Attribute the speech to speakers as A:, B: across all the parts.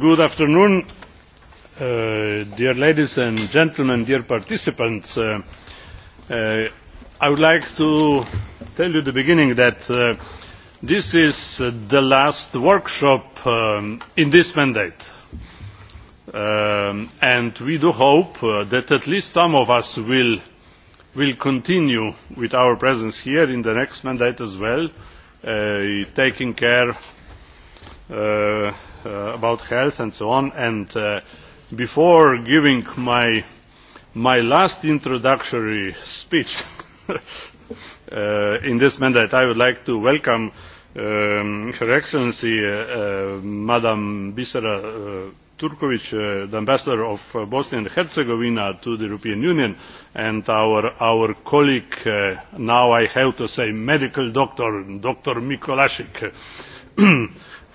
A: Good afternoon, dear ladies and gentlemen, dear participants. I would like to tell you at the beginning that this is the last workshop in this mandate, and we do hope that at least some of us will will continue with our presence here in the next mandate as well, taking care about health and so on. And before giving my my last introductory speech in this mandate, I would like to welcome Her Excellency Madam Bisera Turkovic, the Ambassador of Bosnia and Herzegovina to the European Union, and our colleague, now I have to say medical doctor, Dr. Mikolasik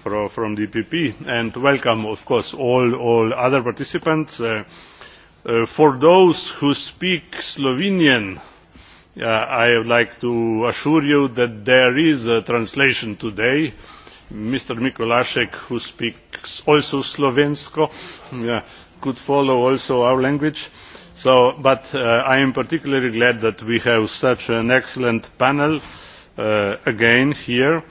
A: from the EPP and welcome, of course, all other participants. For those who speak Slovenian, I would like to assure you that there is a translation today. Mr. Mikolasek, who speaks also Slovensko, could follow also our language. So, but I am particularly glad that we have such an excellent panel again here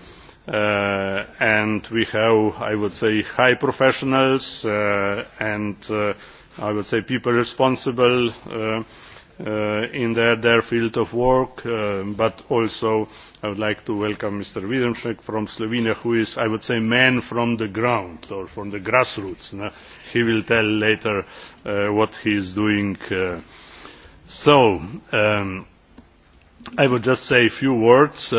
A: and we have, I would say, high professionals and I would say people responsible in their field of work, but also I would like to welcome Mr. Wiedemschek from Slovenia, who is, I would say, man from the ground or from the grassroots. He will tell later what he is doing. So, I would just say a few words.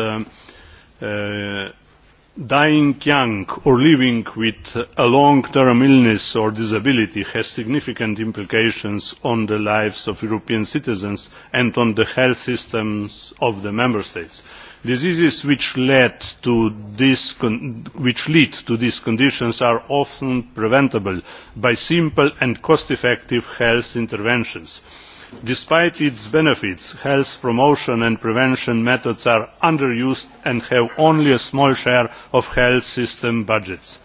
A: Dying young or living with a long-term illness or disability has significant implications on the lives of European citizens and on the health systems of the member states. Diseases which lead to these conditions are often preventable by simple and cost-effective health interventions Despite its benefits, health promotion and prevention methods are underused and have only a small share of health system budgets.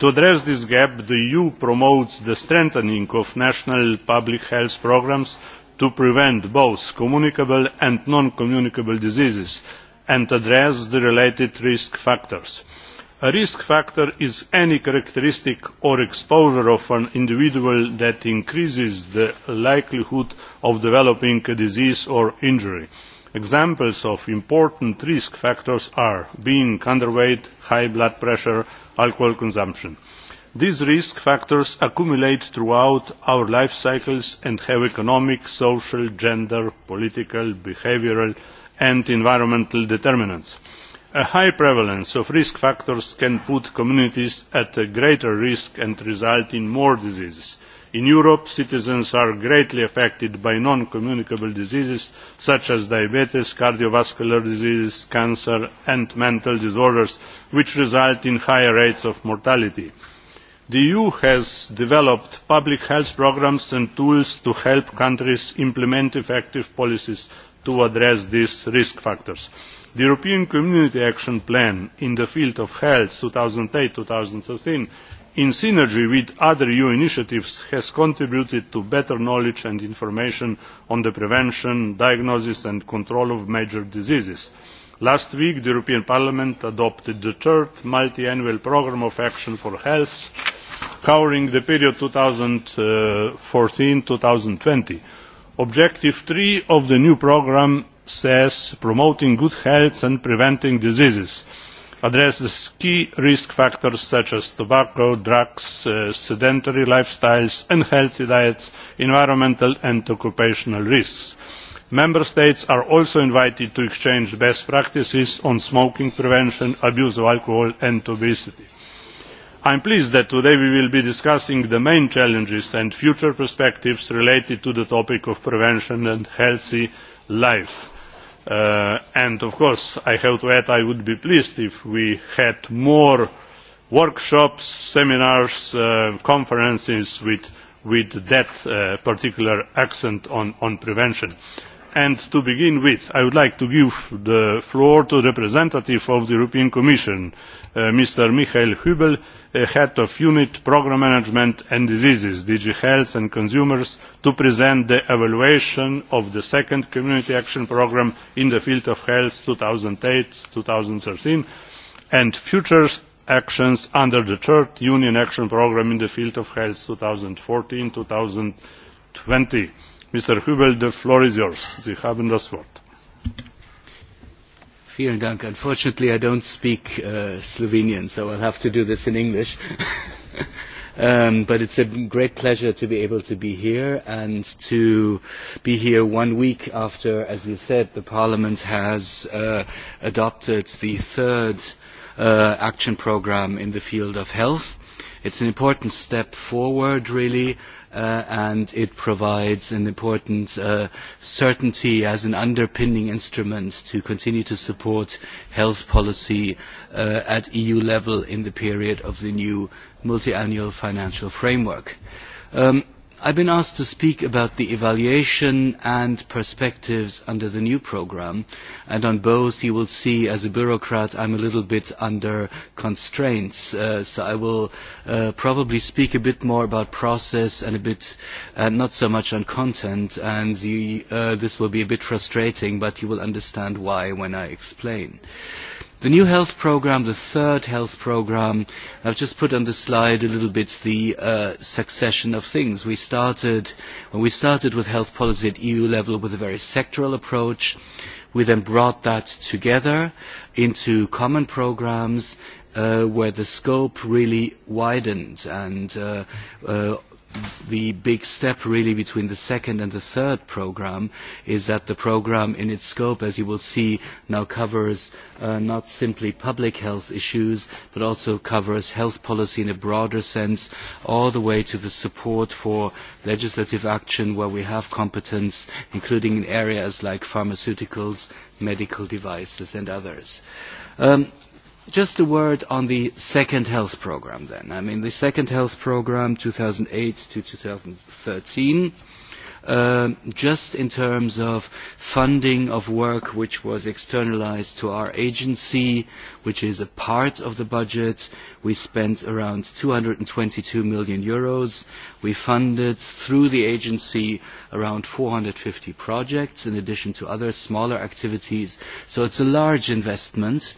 A: To address this gap, the EU promotes the strengthening of national public health programmes to prevent both communicable and non communicable diseases and address the related risk factors. A risk factor is any characteristic or exposure of an individual that increases the likelihood of developing a disease or injury. Examples of important risk factors are being underweight, high blood pressure, alcohol consumption. These risk factors accumulate throughout our life cycles and have economic, social, gender, political, behavioural and environmental determinants a high prevalence of risk factors can put communities at a greater risk and result in more diseases. in europe citizens are greatly affected by non communicable diseases such as diabetes cardiovascular diseases, cancer and mental disorders which result in higher rates of mortality. the eu has developed public health programmes and tools to help countries implement effective policies to address these risk factors. The European Community Action Plan in the field of health 2008-2013 in synergy with other EU initiatives has contributed to better knowledge and information on the prevention, diagnosis and control of major diseases. Last week the European Parliament adopted the third Multiannual programme of action for health covering the period 2014-2020. Objective 3 of the new programme says promoting good health and preventing diseases addresses key risk factors such as tobacco, drugs, sedentary lifestyles, unhealthy diets, environmental and occupational risks. Member States are also invited to exchange best practices on smoking prevention, abuse of alcohol and obesity. I am pleased that today we will be discussing the main challenges and future perspectives related to the topic of prevention and healthy life and of course i have to add i would be pleased if we had more workshops seminars conferences with that particular accent on prevention and to begin with i would like to give the floor to the representative of the european commission mr michael hübel head of unit programme management and diseases dg health and consumers to present the evaluation of the second community action programme in the field of health 2008 2013 and future actions under the third union action programme in the field of health 2014 2020 Mr. Hübel, the floor
B: is yours. Sie haben das Wort. Vielen Dank. Unfortunately, I don't speak Slovenian, so I'll have to do this in English. But it's a great pleasure to be able to be here and to be here one week after, as you said, the Parliament has adopted the third action programme in the field of health. It's an important step forward, really and it provides an important certainty as an underpinning instrument to continue to support health policy at EU level in the period of the new multiannual financial framework. I've been asked to speak about the evaluation and perspectives under the new programme, and on both you will see as a bureaucrat I'm a little bit under constraints, so I will probably speak a bit more about process and a bit not so much on content, and this will be a bit frustrating, but you will understand why when I explain. The new health programme, the third health programme, I've just put on the slide a little bit the succession of things. We started, when we started with health policy at EU level with a very sectoral approach, we then brought that together into common programmes where the scope really widened and the big step really between the second and the third programme is that the programme in its scope, as you will see, now covers not simply public health issues but also covers health policy in a broader sense, all the way to the support for legislative action where we have competence, including in areas like pharmaceuticals, medical devices and others. Just a word on the second health program then. I mean, the second health program, 2008 to 2013, just in terms of funding of work which was externalized to our agency, which is a part of the budget, we spent around 222 million euros. We funded through the agency around 450 projects in addition to other smaller activities. So it's a large investment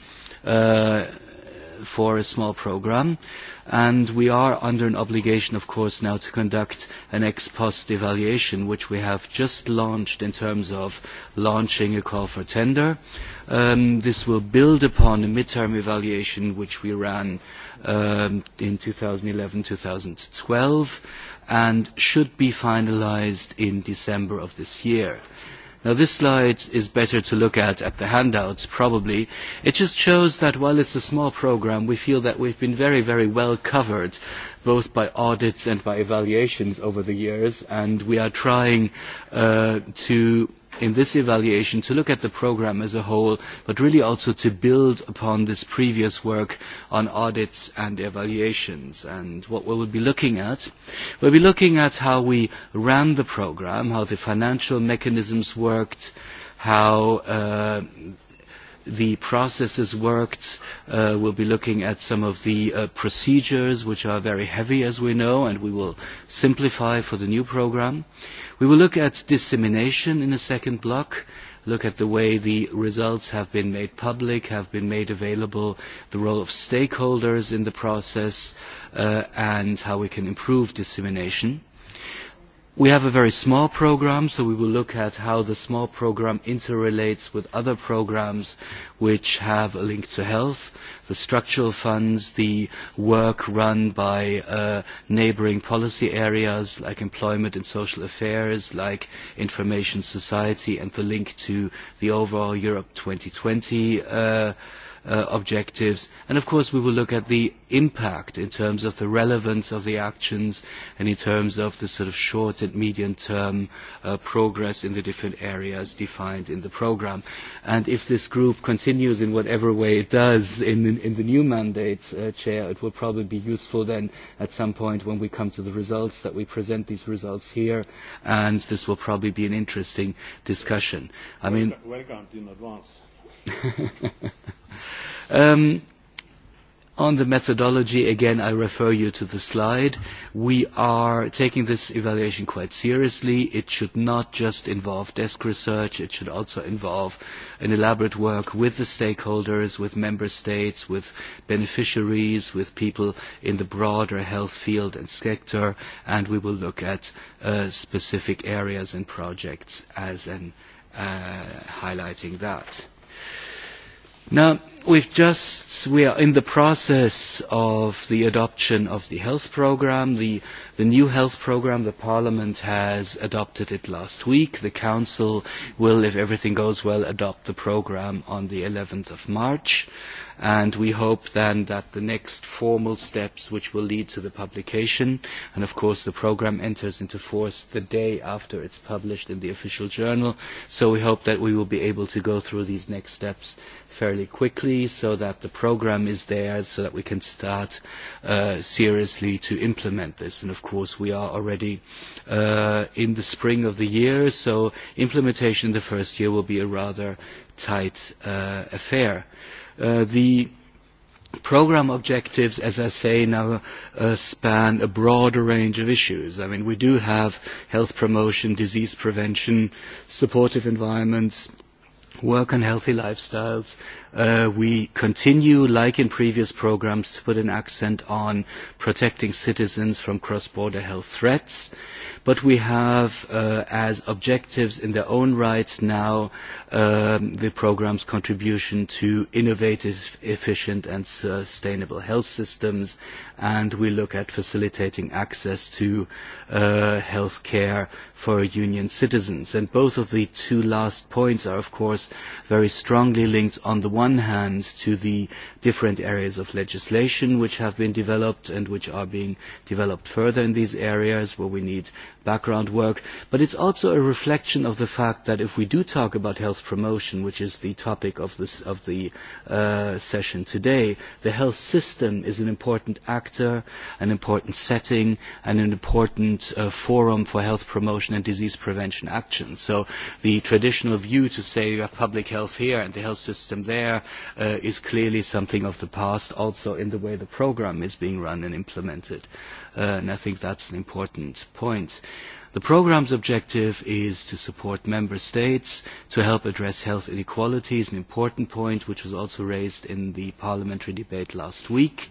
B: for a small program and we are under an obligation of course now to conduct an ex post evaluation which we have just launched in terms of launching a call for tender this will build upon a mid-term evaluation which we ran in 2011-2012 and should be finalized in December of this year Now this slide is better to look at at the handouts probably. It just shows that while it's a small program we feel that we've been very very well covered both by audits and by evaluations over the years and we are trying to in this evaluation to look at the programme as a whole, but really also to build upon this previous work on audits and evaluations. And what we will be looking at, we'll be looking at how we ran the programme, how the financial mechanisms worked, how the processes worked. We'll be looking at some of the procedures, which are very heavy, as we know, and we will simplify for the new programme. We will look at dissemination in a second block, look at the way the results have been made public, have been made available, the role of stakeholders in the process, and how we can improve dissemination. We have a very small program, so we will look at how the small program interrelates with other programs which have a link to health, the structural funds, the work run by neighboring policy areas like employment and social affairs, like information society, and the link to the overall Europe 2020 objectives. And of course we will look at the impact in terms of the relevance of the actions and in terms of the sort of short and medium term progress in the different areas defined in the program. And if this group continues in whatever way it does in the new mandate, Chair, it will probably be useful then at some point when we come to the results that we present these results here and this will probably be an interesting discussion. I mean,
A: Welcome in advance.
B: On the methodology, again, I refer you to the slide. We are taking this evaluation quite seriously. It should not just involve desk research. It should also involve an elaborate work with the stakeholders, with member states, with beneficiaries, with people in the broader health field and sector. And we will look at specific areas and projects as highlighting that. Now, we've just, we are in the process of the adoption of the health programme, the new health programme. The Parliament has adopted it last week. The Council will, if everything goes well, adopt the programme on the 11th of March and we hope then that the next formal steps which will lead to the publication and of course the programme enters into force the day after it's published in the official journal so we hope that we will be able to go through these next steps fairly quickly so that the programme is there so that we can start seriously to implement this and of course we are already in the spring of the year so implementation in the first year will be a rather tight affair. The Programme objectives, as I say, now span a broader range of issues. I mean, we do have health promotion, disease prevention, supportive environments, work and healthy lifestyles, We continue, like in previous programs, to put an accent on protecting citizens from cross-border health threats, but we have as objectives in their own right now the program's contribution to innovative, efficient and sustainable health systems, and we look at facilitating access to health care for Union citizens. And both of the two last points are, of course, very strongly linked on the one hand to the different areas of legislation which have been developed and which are being developed further in these areas where we need background work, but it's also a reflection of the fact that if we do talk about health promotion, which is the topic of the session today, the health system is an important actor, an important setting, and an important forum for health promotion and disease prevention action. So the traditional view to say you have public health here and the health system there is clearly something of the past also in the way the programme is being run and implemented. And I think that's an important point. The programme's objective is to support member states to help address health inequalities, an important point which was also raised in the parliamentary debate last week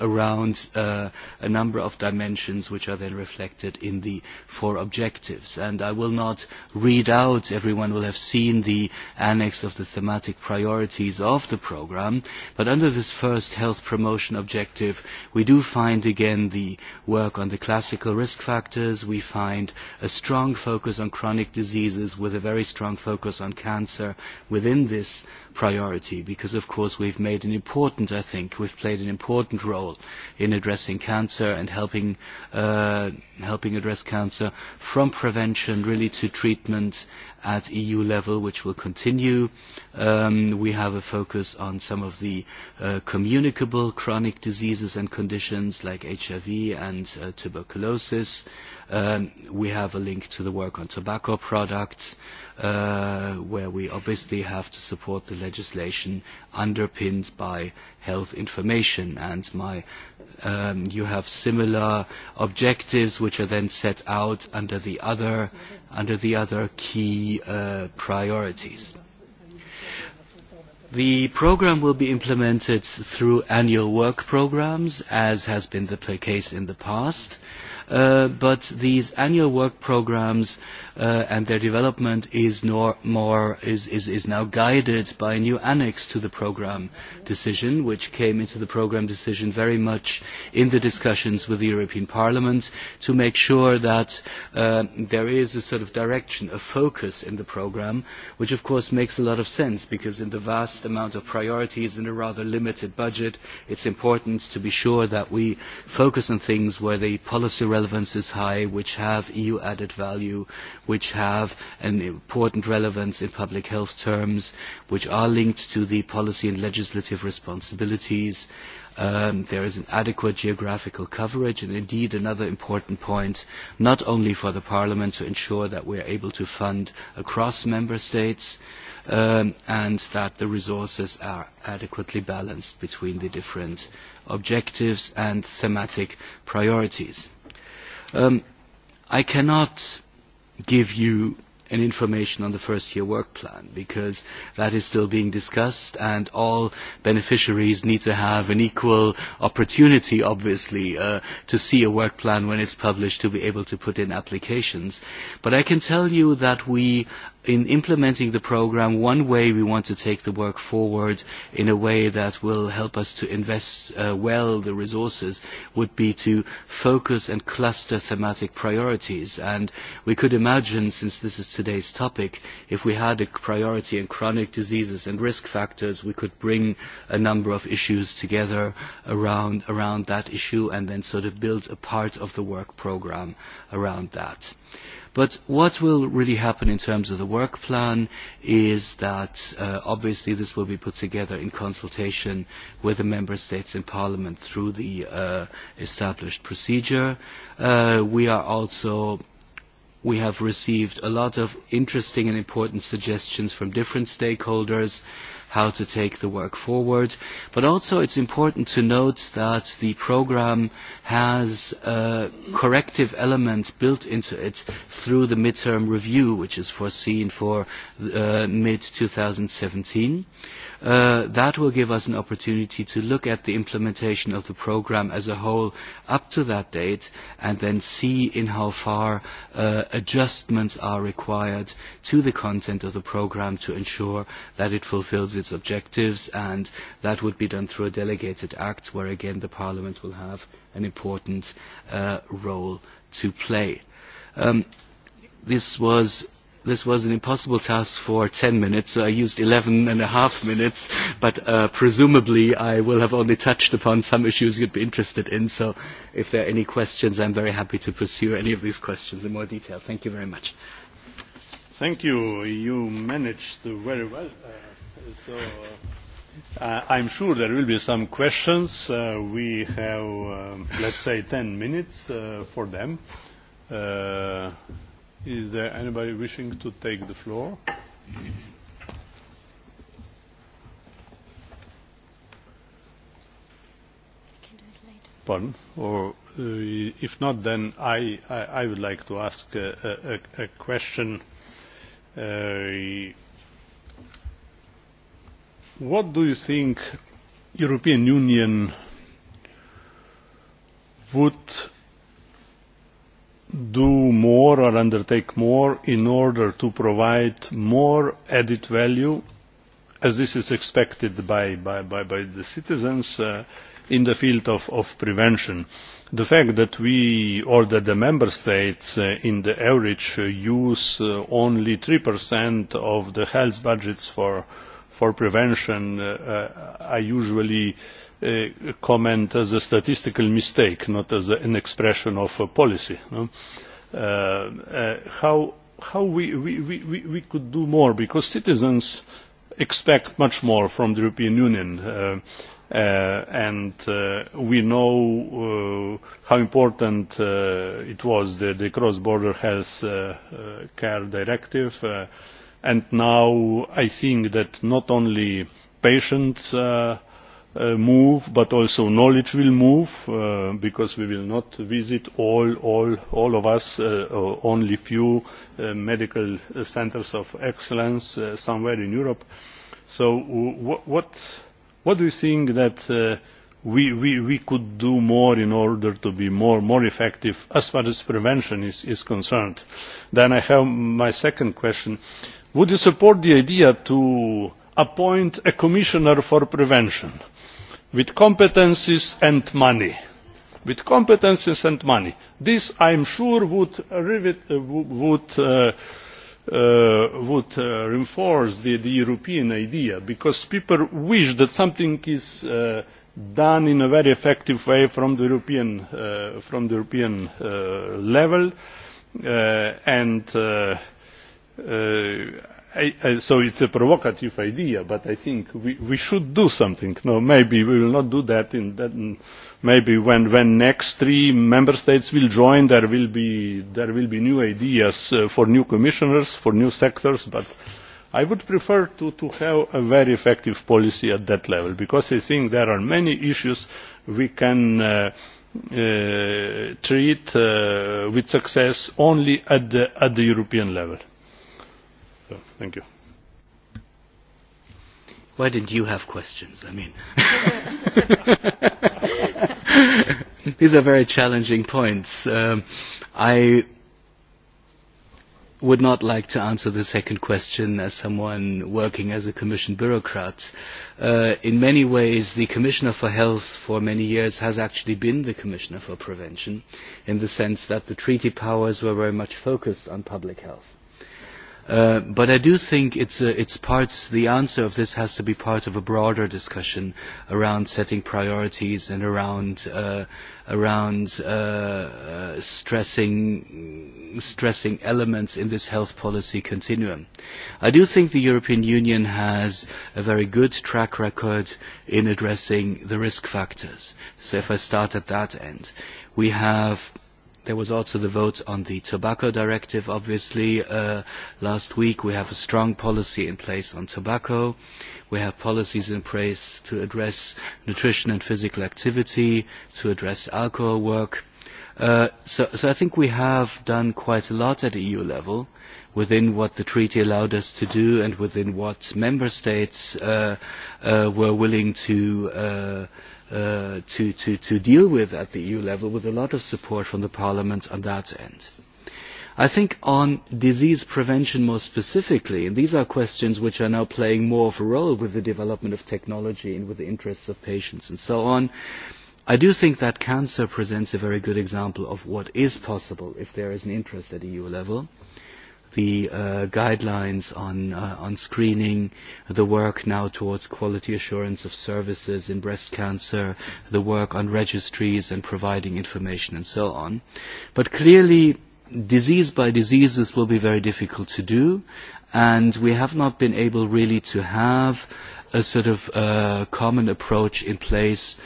B: around a number of dimensions which are then reflected in the four objectives. And I will not read out, everyone will have seen the annex of the thematic priorities of the programme, but under this first health promotion objective we do find again the work on the classical risk factors, we find a strong focus on chronic diseases with a very strong focus on cancer within this priority because of course we've made an important I think we've played an important role in addressing cancer and helping helping address cancer from prevention really to treatment at EU level, which will continue. We have a focus on some of the communicable chronic diseases and conditions like HIV and tuberculosis. We have a link to the work on tobacco products where we obviously have to support the legislation underpinned by health information. And you have similar objectives which are then set out under the other under the other key priorities. The program will be implemented through annual work programs, as has been the case in the past, but these annual work programs and their development is more is is now guided by a new annex to the programme decision which came into the programme decision very much in the discussions with the European Parliament to make sure that there is a sort of direction a focus in the programme which of course makes a lot of sense because in the vast amount of priorities in a rather limited budget it's important to be sure that we focus on things where the policy relevance is high which have EU added value which have an important relevance in public health terms, which are linked to the policy and legislative responsibilities. There is an adequate geographical coverage and indeed another important point, not only for the Parliament to ensure that we are able to fund across member states and that the resources are adequately balanced between the different objectives and thematic priorities. I cannot give you and information on the first year work plan because that is still being discussed and all beneficiaries need to have an equal opportunity obviously to see a work plan when it's published to be able to put in applications. But I can tell you that we in implementing the program one way we want to take the work forward in a way that will help us to invest well the resources would be to focus and cluster thematic priorities and we could imagine since this is today's topic, if we had a priority in chronic diseases and risk factors, we could bring a number of issues together around around that issue and then sort of build a part of the work program around that. But what will really happen in terms of the work plan is that obviously this will be put together in consultation with the Member States in Parliament through the established procedure. We are also We have received a lot of interesting and important suggestions from different stakeholders how to take the work forward. But also it's important to note that the program has a corrective element built into it through the mid-term review, which is foreseen for mid-2017. That will give us an opportunity to look at the implementation of the programme as a whole up to that date and then see in how far adjustments are required to the content of the programme to ensure that it fulfills its objectives and that would be done through a delegated act where again the Parliament will have an important role to play. This was This was an impossible task for 10 minutes, so I used 11 and a half minutes, but presumably I will have only touched upon some issues you'd be interested in, so if there are any questions, I'm very happy to pursue any of these questions in more detail. Thank you very much.
A: Thank you. You managed very well. So I'm sure there will be some questions. We have, let's say, 10 minutes for them Is there anybody wishing to take the floor? Pardon? Or if not, then I I would like to ask a question. What do you think European Union would do more or undertake more in order to provide more added value as this is expected by the citizens in the field of prevention. The fact that we or that the member states in the average use only 3% of the health budgets for prevention are usually comment as a statistical mistake, not as an expression of policy. How we could do more, because citizens expect much more from the European Union, and we know how important it was, the cross-border health care directive, and now I think that not only patients move but also knowledge will move because we will not visit all of us only few medical centres of excellence somewhere in europe so what do you think that we we could do more in order to be more more effective as far as prevention is is concerned then i have my second question would you support the idea to appoint a commissioner for prevention with competences and money. With competences and money. This, I am sure, would reinforce the European idea, because people wish that something is done in a very effective way from the European level, and So it's a provocative idea, but I think we should do something. No, maybe we will not do that. In maybe when when next three member states will join, there will be there will be new ideas for new commissioners, for new sectors. But I would prefer to to have a very effective policy at that level, because I think there are many issues we can treat with success only at the at the European level. So, thank you.
B: Why didn't you have questions? I mean, these are very challenging points. I would not like to answer the second question as someone working as a Commission bureaucrat. In many ways, the Commissioner for Health for many years has actually been the Commissioner for Prevention, in the sense that the treaty powers were very much focused on public health But I do think it's part. the answer of this has to be part of a broader discussion around setting priorities and around around stressing stressing elements in this health policy continuum. I do think the European Union has a very good track record in addressing the risk factors. So if I start at that end, we have There was also the vote on the tobacco directive, obviously, last week. We have a strong policy in place on tobacco. We have policies in place to address nutrition and physical activity, to address alcohol work. So I think we have done quite a lot at EU level within what the treaty allowed us to do and within what member states were willing to to to to deal with at the EU level with a lot of support from the Parliament on that end. I think on disease prevention more specifically, and these are questions which are now playing more of a role with the development of technology and with the interests of patients and so on, I do think that cancer presents a very good example of what is possible if there is an interest at EU level the guidelines on on screening, the work now towards quality assurance of services in breast cancer, the work on registries and providing information and so on. But clearly disease by diseases will be very difficult to do and we have not been able really to have a sort of common approach in place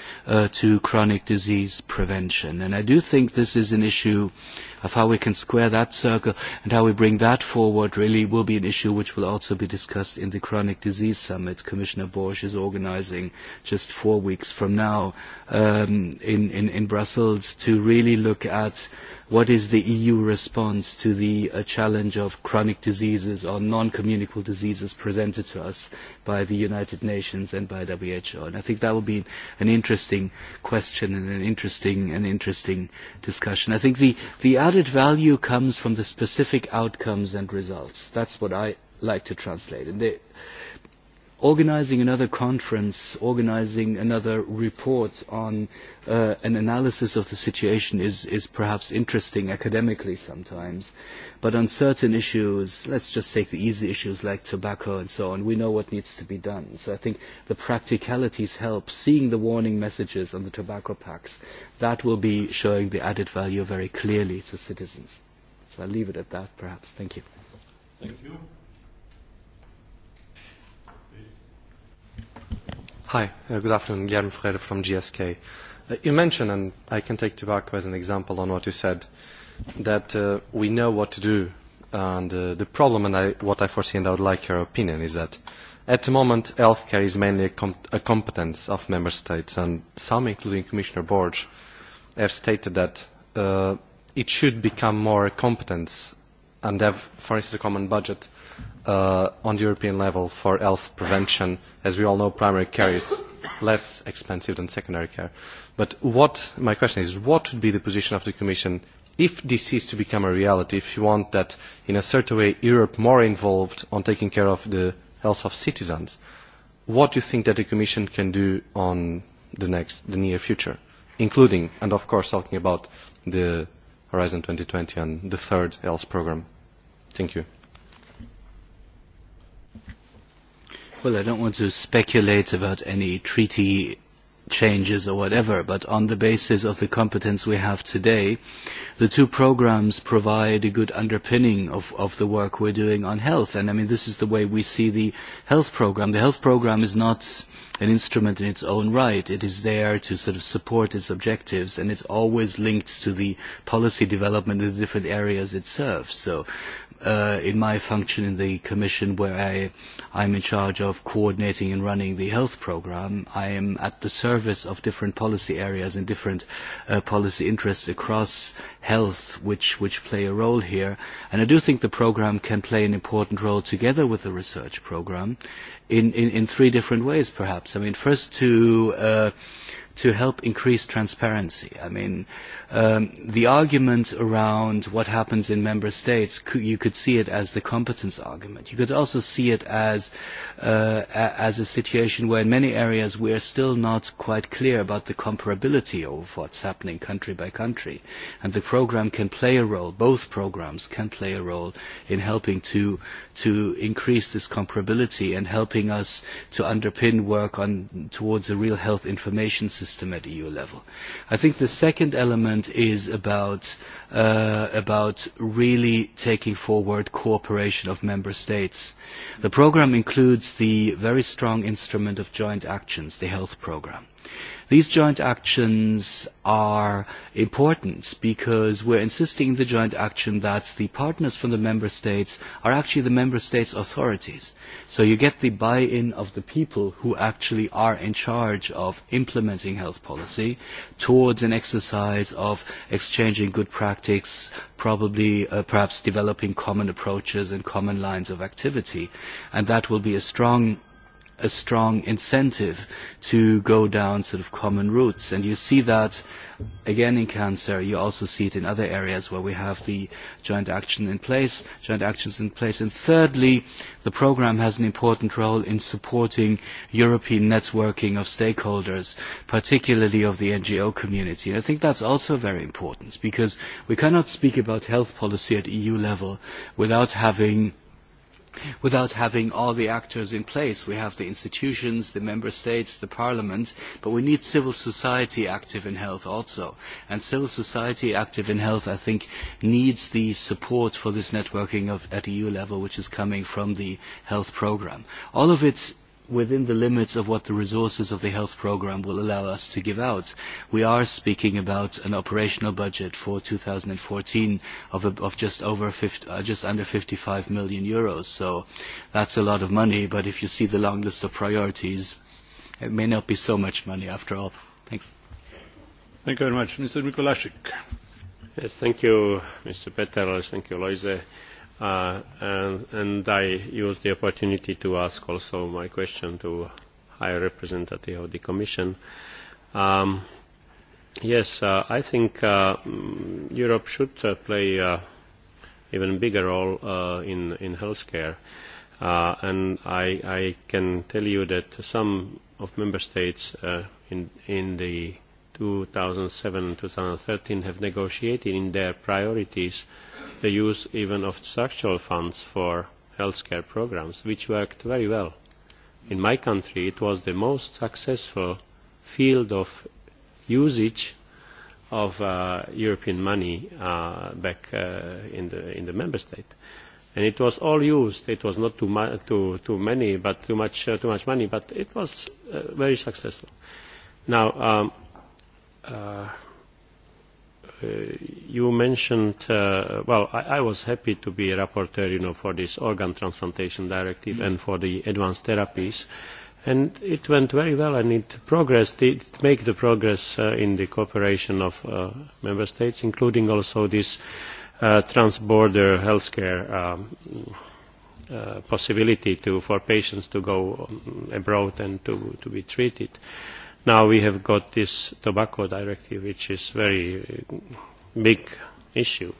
B: to chronic disease prevention. And I do think this is an issue of how we can square that circle and how we bring that forward really will be an issue which will also be discussed in the Chronic Disease Summit. Commissioner Borsch is organizing just four weeks from now in Brussels to really look at what is the EU response to the challenge of chronic diseases or non-communicable diseases presented to us by the United Nations and by WHO? And I think that will be an interesting question and an interesting and interesting discussion. I think the the added value comes from the specific outcomes and results. That's what I like to translate. Organising another conference, organising another report on an analysis of the situation is perhaps interesting academically sometimes, but on certain issues, let's just take the easy issues like tobacco and so on, we know what needs to be done. So I think the practicalities help. Seeing the warning messages on the tobacco packs, that will be showing the added value very clearly to citizens. So I'll leave it at that, perhaps. Thank you.
A: Thank you.
C: Hi, good afternoon. Guillermo from GSK. You mentioned, and I can take tobacco as an example on what you said, that we know what to do. And the problem, and what I foresee, and I would like your opinion, is that at the moment healthcare is mainly a competence of member states, and some, including Commissioner Borg, have stated that it should become more a competence and have, for instance, a common budget on the European level for health prevention. As we all know, primary care is less expensive than secondary care. But what my question is, what would be the position of the Commission if this is to become a reality, if you want that in a certain way Europe more involved on taking care of the health of citizens, what do you think that the Commission can do on the next, the near future, including and of course talking about the Horizon 2020 and the third health programme? Thank you.
B: Well, I don't want to speculate about any treaty changes or whatever, but on the basis of the competence we have today, the two programs provide a good underpinning of the work we're doing on health. And I mean, this is the way we see the health program. The health program is not an instrument in its own right. It is there to sort of support its objectives, and it's always linked to the policy development in the different areas it serves. So in my function in the Commission, where I I'm in charge of coordinating and running the health program, I am at the service service of different policy areas and different policy interests across health which which play a role here and i do think the program can play an important role together with the research program in in in three different ways perhaps i mean first to to help increase transparency. I mean, the argument around what happens in member states, you could see it as the competence argument. You could also see it as as a situation where in many areas we are still not quite clear about the comparability of what's happening country by country. And the program can play a role, both programs can play a role in helping to to increase this comparability and helping us to underpin work on towards a real health information system system at EU level. I think the second element is about really taking forward cooperation of member states. The programme includes the very strong instrument of joint actions, the health programme These joint actions are important because we're insisting in the joint action that the partners from the member states are actually the member states' authorities. So you get the buy-in of the people who actually are in charge of implementing health policy towards an exercise of exchanging good practice, probably perhaps developing common approaches and common lines of activity. And that will be a strong a strong incentive to go down sort of common routes. And you see that again in cancer. You also see it in other areas where we have the joint action in place, joint actions in place. And thirdly, the program has an important role in supporting European networking of stakeholders, particularly of the NGO community. And I think that's also very important because we cannot speak about health policy at EU level without having without having all the actors in place. We have the institutions, the member states, the parliament, but we need civil society active in health also. And civil society active in health, I think, needs the support for this networking at EU level, which is coming from the health programme. All of it within the limits of what the resources of the health programme will allow us to give out. We are speaking about an operational budget for 2014 of just over just under 55 million euros. So that's a lot of money, but if you see the long list of priorities, it may not be so much money after all. Thanks.
D: Thank you very much. Mr. Mikulášik. Yes, thank you, Mr. Thank you, Loise and I use the opportunity to ask also my question to High Representative of the Commission. Yes, I think Europe should play an even bigger role in in healthcare, and I I can tell you that some of member states in the 2007-2013 have negotiated in their priorities the use even of structural funds for healthcare programs, which worked very well. In my country, it was the most successful field of usage of European money back in the in the member state, and it was all used. It was not too too many, but too much too much money, but it was very successful. Now you mentioned well i was happy to be a rapporteur you know for this organ transplantation directive and for the advanced therapies and it went very well and it progressed it made the progress in the cooperation of member states including also this transborder healthcare possibility to for patients to go abroad and to to be treated Now we have got this tobacco directive, which is a very big issue.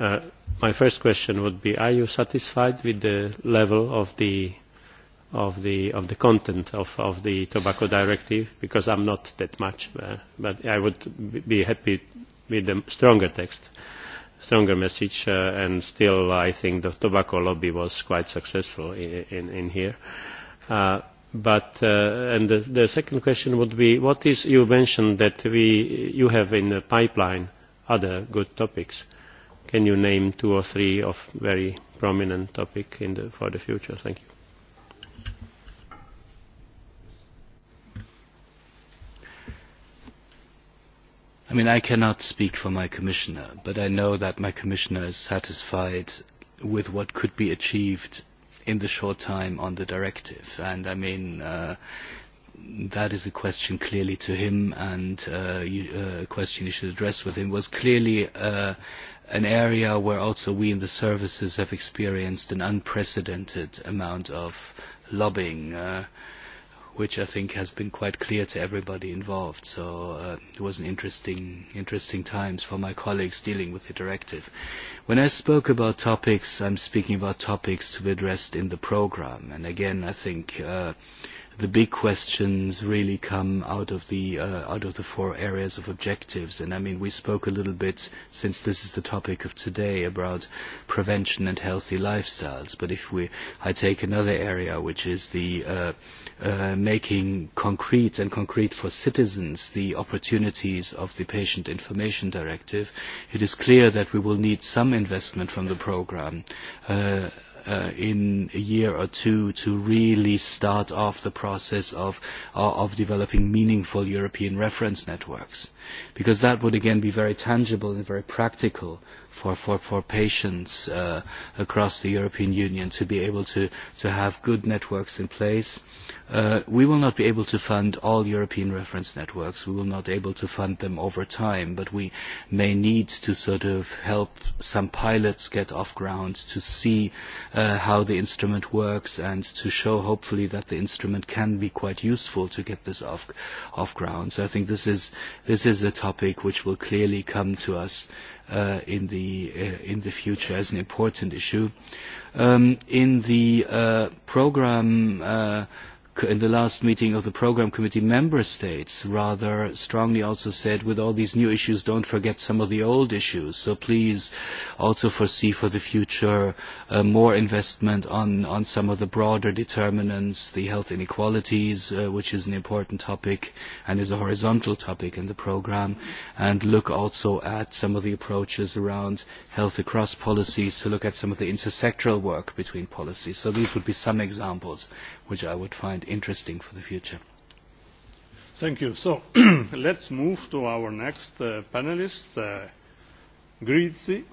D: My first question would be, are you satisfied with the level of the of the of the content of of the tobacco directive? Because I'm not that much, but I would be happy with a stronger text, stronger message. And still, I think the tobacco lobby was quite successful in here But and the second question would be what is you mentioned that we you have in the pipeline other good topics. Can you name two or three of very prominent topics in the for the future? Thank
B: you. I mean I cannot speak for my Commissioner, but I know that my Commissioner is satisfied with what could be achieved in the short time on the directive. And I mean, that is a question clearly to him and a question you should address with him was clearly an area where also we in the services have experienced an unprecedented amount of lobbying which I think has been quite clear to everybody involved. So it was an interesting, interesting times for my colleagues dealing with the directive. When I spoke about topics, I'm speaking about topics to be addressed in the program. And again, I think the big questions really come out of the out of the four areas of objectives. And I mean, we spoke a little bit, since this is the topic of today, about prevention and healthy lifestyles. But if we, I take another area, which is the making concrete and concrete for citizens the opportunities of the Patient Information Directive, it is clear that we will need some investment from the programme in a year or two to really start off the process of developing meaningful European reference networks. Because that would again be very tangible and very practical for for for patients across the European Union to be able to to have good networks in place. We will not be able to fund all European reference networks. We will not be able to fund them over time, but we may need to sort of help some pilots get off ground to see how the instrument works and to show hopefully that the instrument can be quite useful to get this off off ground. So I think this is this is a topic which will clearly come to us in the in the future as an important issue. In the program in the last meeting of the Programme Committee, member states rather strongly also said, with all these new issues, don't forget some of the old issues. So please also foresee for the future more investment on some of the broader determinants, the health inequalities, which is an important topic and is a horizontal topic in the programme, and look also at some of the approaches around health across policies, to look at some of the intersectoral work between policies. So these would be some examples which I would find interesting for the future. Thank
A: you. So let's move to our next panelist, Grizi.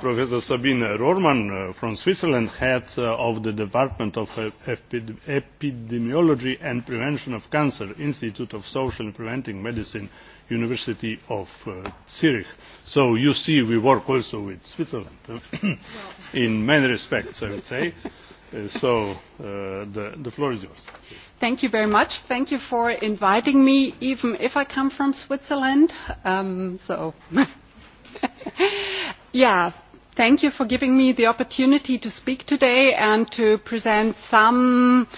A: Professor Sabine Rohrmann from Switzerland, head of the Department of Epidemiology and Prevention of Cancer, Institute of Social and Preventing Medicine, University of Zurich. So you see we work also with Switzerland in many respects, I would say. So the floor is yours.
E: Thank you very much. Thank you for inviting me, even if I come from Switzerland. So, yeah, thank you for giving me the opportunity to speak today and to present some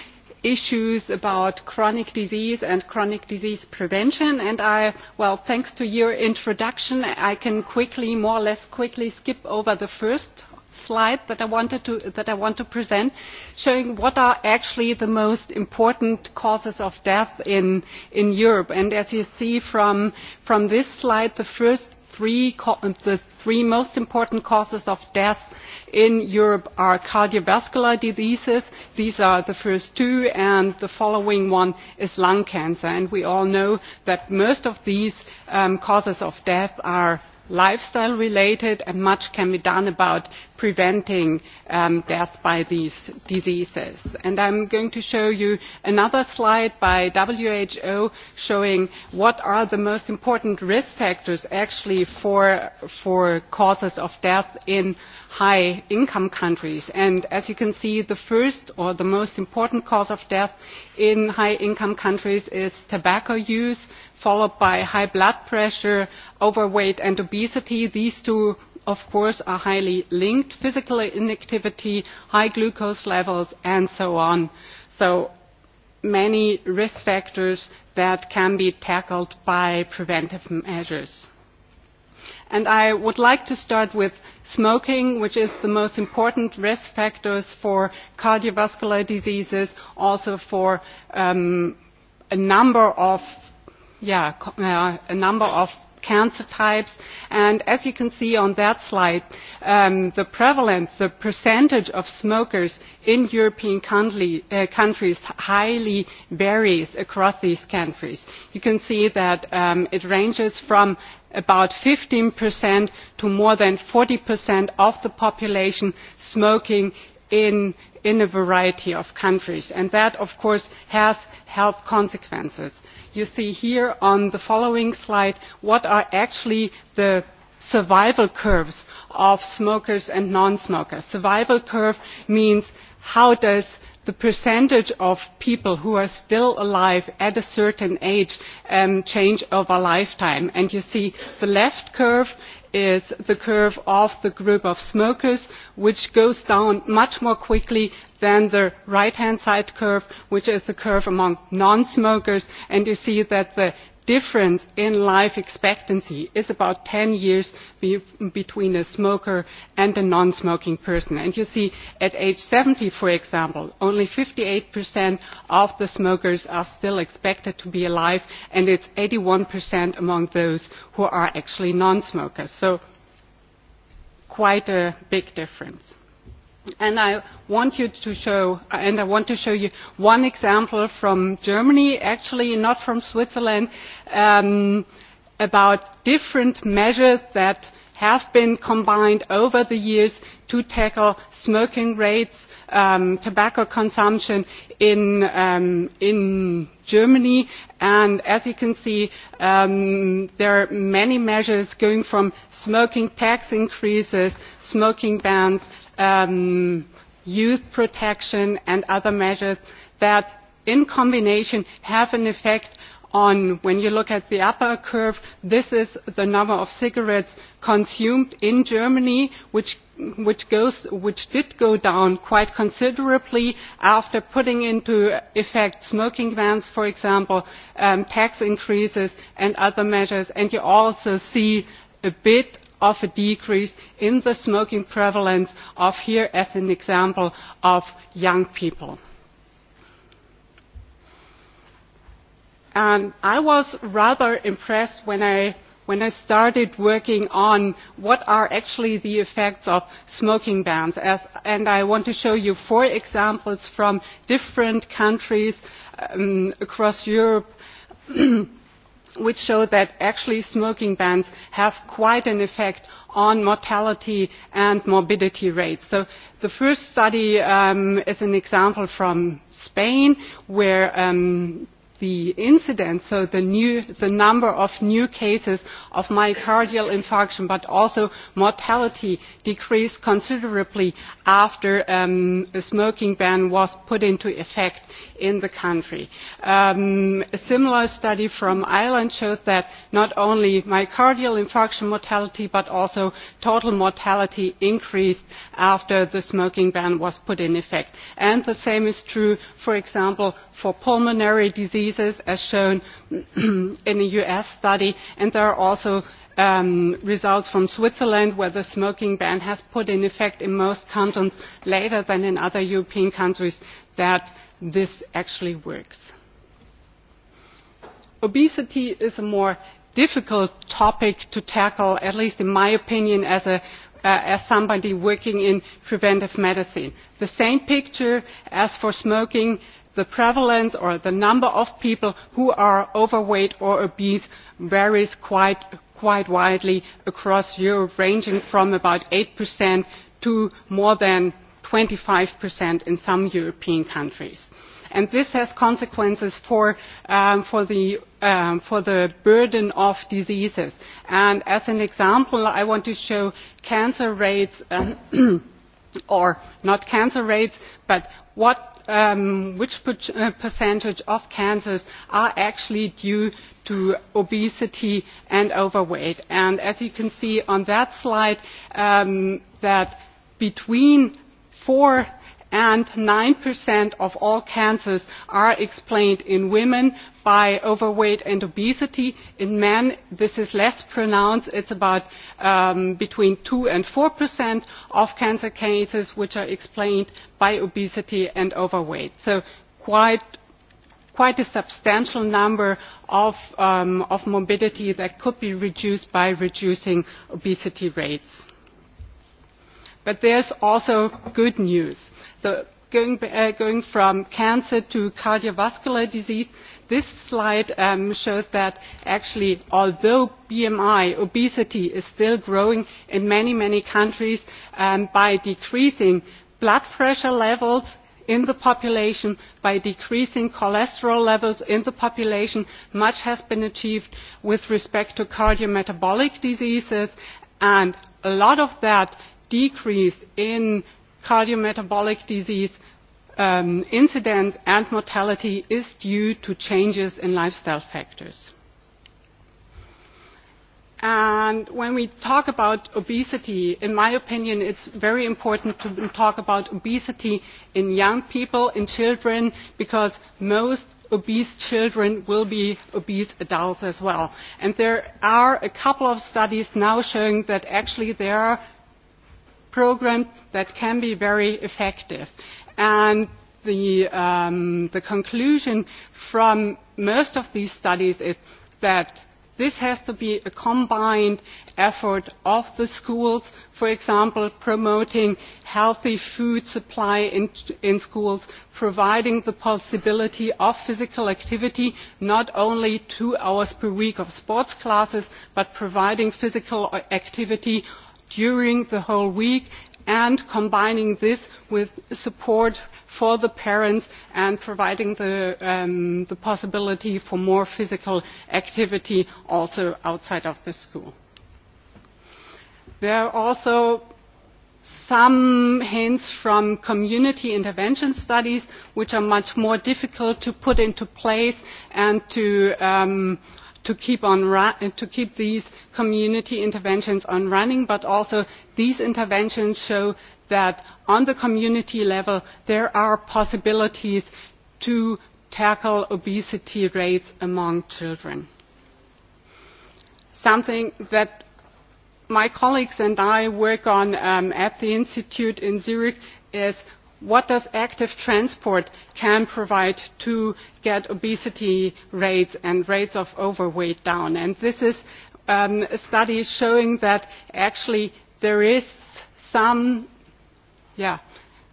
E: issues about chronic disease and chronic disease prevention. And I, well, thanks to your introduction, I can quickly, more or less quickly, skip over the first slide that I wanted to that I want to present, showing what are actually the most important causes of death in in Europe. And as you see from from this slide, the first three the three most important causes of death in Europe are cardiovascular diseases. These are the first two, and the following one is lung cancer. And we all know that most of these causes of death are lifestyle related, and much can be done about preventing death by these diseases. And I'm going to show you another slide by WHO showing what are the most important risk factors actually for causes of death in high income countries. And as you can see, the first or the most important cause of death in high income countries is tobacco use, followed by high blood pressure, overweight and obesity. These two of course are highly linked physical inactivity high glucose levels and so on so many risk factors that can be tackled by preventive measures and i would like to start with smoking which is the most important risk factors for cardiovascular diseases also for a number of cancer types and as you can see on that slide the prevalence the percentage of smokers in european countries highly varies across these countries. you can see that it ranges from about 15% to more than 40% of the population smoking in a variety of countries and that of course has health consequences you see here on the following slide what are actually the survival curves of smokers and non smokers. survival curve means how does the percentage of people who are still alive at a certain age change over a lifetime and you see the left curve is the curve of the group of smokers which goes down much more quickly then the right hand side curve which is the curve among non smokers and you see that the difference in life expectancy is about 10 years between a smoker and a non smoking person and you see at age 70 for example only 58% of the smokers are still expected to be alive and it's 81% among those who are actually non smokers so quite a big difference and i want you to show and i want to show you one example from germany actually not from switzerland about different measures that have been combined over the years to tackle smoking rates tobacco consumption in germany and as you can see there are many measures going from smoking tax increases smoking bans youth protection and other measures that in combination have an effect on when you look at the upper curve this is the number of cigarettes consumed in germany which which did go down quite considerably after putting into effect smoking bans for example tax increases and other measures and you also see a bit of a decrease in the smoking prevalence of here as an example of young people. And I was rather impressed when I when I started working on what are actually the effects of smoking bans. And I want to show you four examples from different countries across Europe which show that actually smoking bans have quite an effect on mortality and morbidity rates. So the first study is an example from Spain where the incidence, so the number of new cases of myocardial infarction, but also mortality decreased considerably after a smoking ban was put into effect in the country. A similar study from Ireland showed that not only myocardial infarction mortality, but also total mortality increased after the smoking ban was put in effect. And the same is true, for example, for pulmonary disease as shown in a US study and there are also results from Switzerland where the smoking ban has put in effect in most cantons later than in other European countries that this actually works. Obesity is a more difficult topic to tackle, at least in my opinion, as somebody working in preventive medicine. The same picture as for smoking the prevalence or the number of people who are overweight or obese varies quite widely across Europe, ranging from about 8% to more than 25% in some European countries. And this has consequences for the burden of diseases. And as an example, I want to show cancer rates, or not cancer rates, but what which percentage of cancers are actually due to obesity and overweight. And as you can see on that slide, that between four and 9% of all cancers are explained in women by overweight and obesity. In men, this is less pronounced. It's about between 2 and 4% of cancer cases which are explained by obesity and overweight. So quite quite a substantial number of morbidity that could be reduced by reducing obesity rates. But there is also good news. So going from cancer to cardiovascular disease, this slide shows that actually although BMI, obesity, is still growing in many, many countries by decreasing blood pressure levels in the population by decreasing cholesterol levels in the population much has been achieved with respect to cardiometabolic diseases and a lot of that decrease in cardiometabolic disease incidence and mortality is due to changes in lifestyle factors. And when we talk about obesity, in my opinion, it's very important to talk about obesity in young people, in children, because most obese children will be obese adults as well. And there are a couple of studies now showing that actually there are program that can be very effective. And the conclusion from most of these studies is that this has to be a combined effort of the schools, for example, promoting healthy food supply in schools, providing the possibility of physical activity, not only two hours per week of sports classes, but providing physical activity during the whole week and combining this with support for the parents and providing the possibility for more physical activity also outside of the school. There are also some hints from community intervention studies which are much more difficult to put into place and to to keep these community interventions on running but also these interventions show that on the community level there are possibilities to tackle obesity rates among children. Something that my colleagues and I work on at the Institute in Zurich is what does active transport can provide to get obesity rates and rates of overweight down and this is a study showing that actually there is some yeah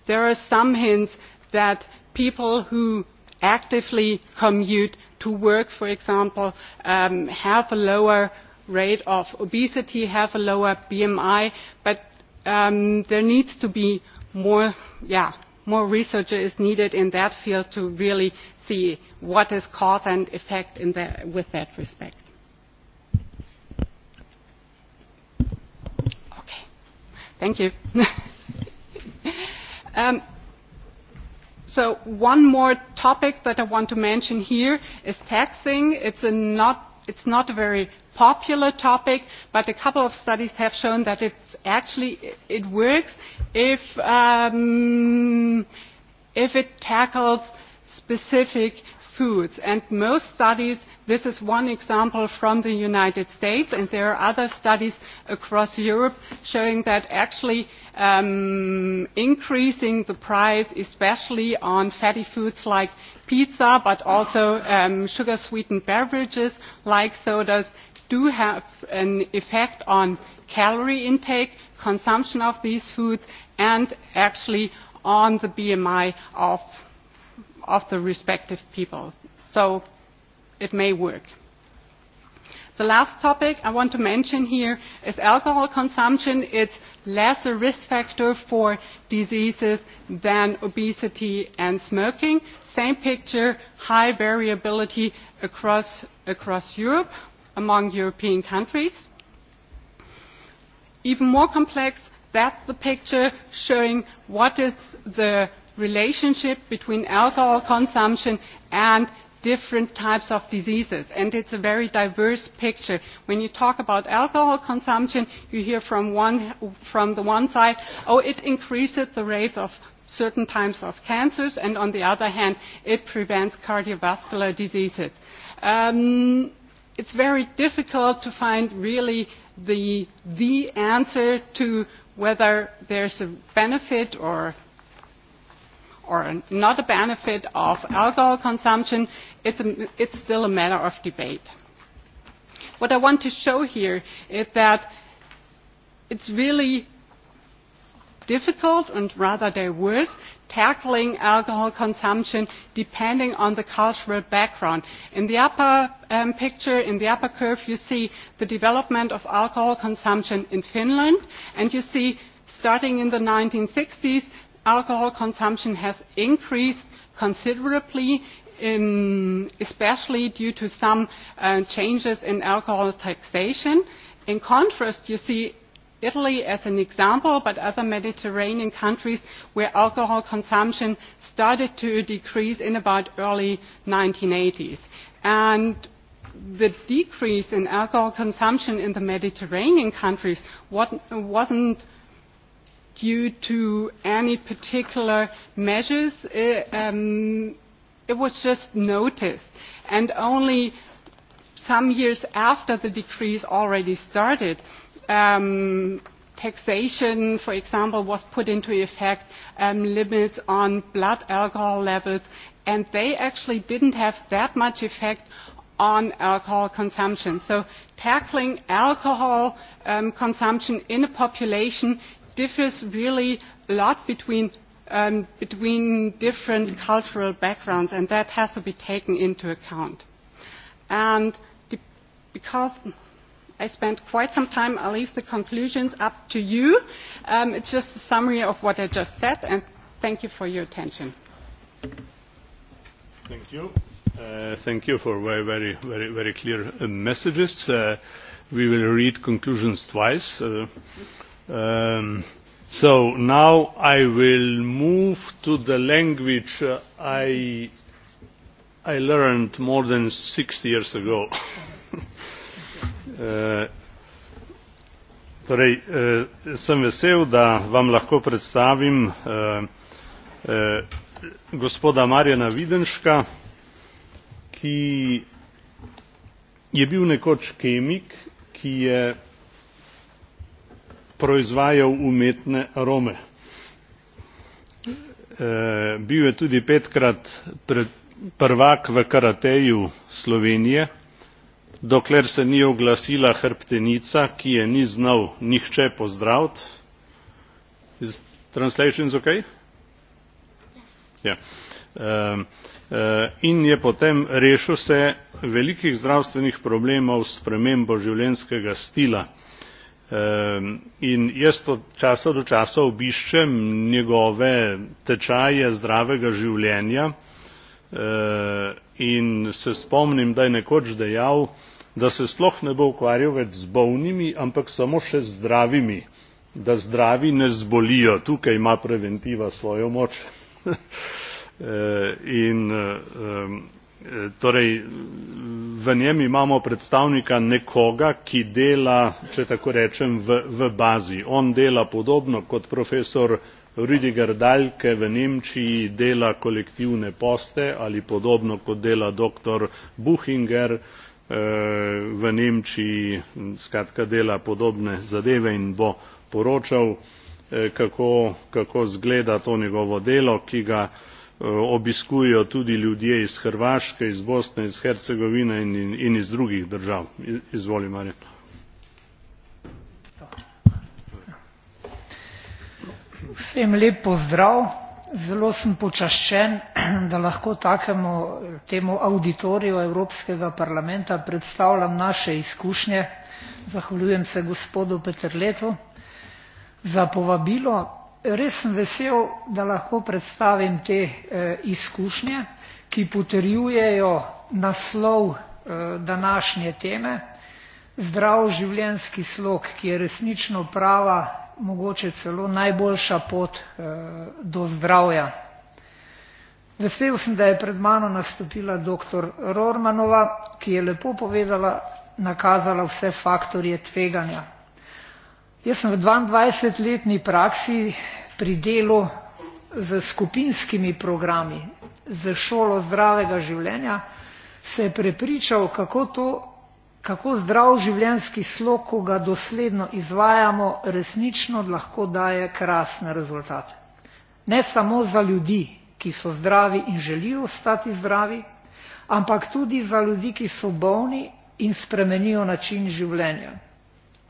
E: there are some hints that people who actively commute to work for example have a lower rate of obesity have a lower bmi but there needs to be more research is needed in that field to really see what is cause and effect in that, with that respect. Okay. Thank you. So one more topic that I want to mention here is taxing. It's a not It's not a very popular topic, but a couple of studies have shown that it actually works if if it tackles specific foods and most studies this is one example from the united states and there are other studies across europe showing that actually increasing the price especially on fatty foods like pizza but also sugar sweetened beverages like sodas do have an effect on calorie intake consumption of these foods and actually on the bmi of of the respective people. So it may work. The last topic I want to mention here is alcohol consumption. It's less a risk factor for diseases than obesity and smoking. Same picture, high variability across Europe, among European countries. Even more complex, that's the picture showing what is the relationship between alcohol consumption and different types of diseases and it's a very diverse picture. When you talk about alcohol consumption you hear from the one side oh it increases the rates of certain types of cancers and on the other hand it prevents cardiovascular diseases. It's very difficult to find really the answer to whether there's a benefit or or not a benefit of alcohol consumption, it's still a matter of debate. What I want to show here is that it's really difficult and rather diverse tackling alcohol consumption depending on the cultural background. In the upper picture, in the upper curve, you see the development of alcohol consumption in Finland, and you see starting in the 1960s alcohol consumption has increased considerably especially due to some changes in alcohol taxation. in contrast you see italy as an example but other mediterranean countries where alcohol consumption started to decrease in about early 1980s. and the decrease in alcohol consumption in the mediterranean countries wasn't due to any particular measures. It was just noticed. And only some years after the decrees already started, taxation, for example, was put into effect, limits on blood alcohol levels, and they actually didn't have that much effect on alcohol consumption. So tackling alcohol consumption in a population differs really a lot between between different cultural backgrounds and that has to be taken into account. And because I spent quite some time, I'll leave the conclusions up to you. It's just a summary of what I just said and thank you for your attention.
A: Thank you. Thank you for very, very, very, very clear messages. We will read conclusions twice So now I will move to the language I I learned more than 60 years ago. Torej, sem vesel, da vam lahko predstavim gospoda Marjana Videnška, ki je bil nekoč kemik, ki je proizvajal umetne arome. Bil je tudi petkrat prvak v karateju Slovenije, dokler se ni oglasila hrbtenica, ki je ni znal nihče pozdraviti. Is translation In je potem rešil se velikih zdravstvenih problemov s spremembo življenjskega stila in jaz od časa do časa obiščem njegove tečaje zdravega življenja in se spomnim da je nekoč dejal da se sploh ne bo ukvarjal več z bolnimi ampak samo še z zdravimi da zdravi ne zbolijo tukaj ima preventiva svojo moč in torej v njem imamo predstavnika nekoga ki dela če tako rečem v bazi on dela podobno kot profesor rüdiger dahlke v nemčiji dela kolektivne poste, ali podobno kot dela doktor buchinger v nemčiji skratka dela podobne zadeve in bo poročal kako zgleda to njegovo delo ki ga obiskujejo tudi ljudje iz hrvaške iz bosne iz hercegovine in iz drugih držav. izvoli marjan.
F: vsem lep pozdrav zelo sem počaščen da lahko takemu temu avditoriju evropskega parlamenta predstavljam naše izkušnje zahvaljujem se gospodu peterletu za povabilo res sem vesel, da lahko predstavim te izkušnje, ki potrjujejo naslov današnje teme, zdrav življenjski slog, ki je resnično prava, mogoče celo najboljša pot do zdravja. Vesel sem, da je pred mano nastopila dr. Rormanova, ki je lepo povedala, nakazala vse faktorje tveganja. Jaz sem v 22-letni praksi pri delu z skupinskimi programi, z šolo zdravega življenja, se je prepričal, kako, to, kako zdrav življenjski slog, ko ga dosledno izvajamo, resnično lahko daje krasne rezultate. Ne samo za ljudi, ki so zdravi in želijo ostati zdravi, ampak tudi za ljudi, ki so bolni in spremenijo način življenja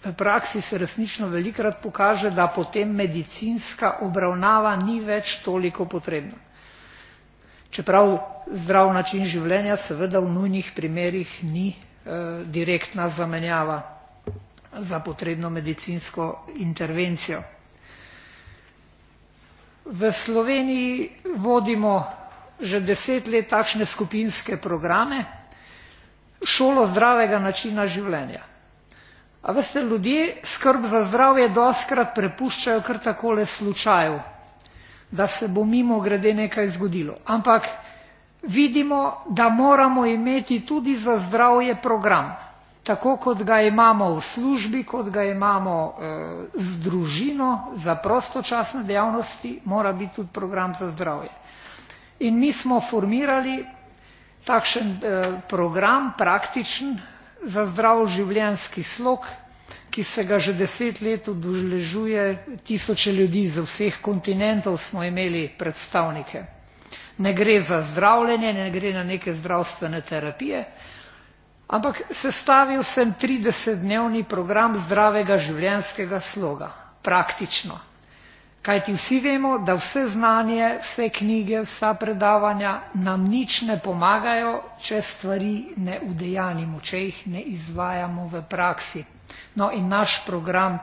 F: v praksi se resnično velikrat pokaže, da potem medicinska obravnava ni več toliko potrebna. Čeprav zdrav način življenja seveda v nujnih primerih ni direktna zamenjava za potrebno medicinsko intervencijo. V Sloveniji vodimo že deset let takšne skupinske programe šolo zdravega načina življenja. A veste, ljudje skrb za zdravje doskrat prepuščajo kar takole slučaju, da se bo mimo grede nekaj zgodilo. Ampak vidimo, da moramo imeti tudi za zdravje program. Tako kot ga imamo v službi, kot ga imamo z družino za prostočasne dejavnosti, mora biti tudi program za zdravje. In mi smo formirali takšen program praktičen za zdrav življenjski slog, ki se ga že deset let udeležuje tisoče ljudi z vseh kontinentov, smo imeli predstavnike. Ne gre za zdravljenje, ne gre na neke zdravstvene terapije, ampak sestavil sem 30-dnevni program zdravega življenjskega sloga, praktično Kajti vsi vemo, da vse znanje, vse knjige, vsa predavanja nam nič ne pomagajo, če stvari ne udejanimo, če jih ne izvajamo v praksi. No in naš program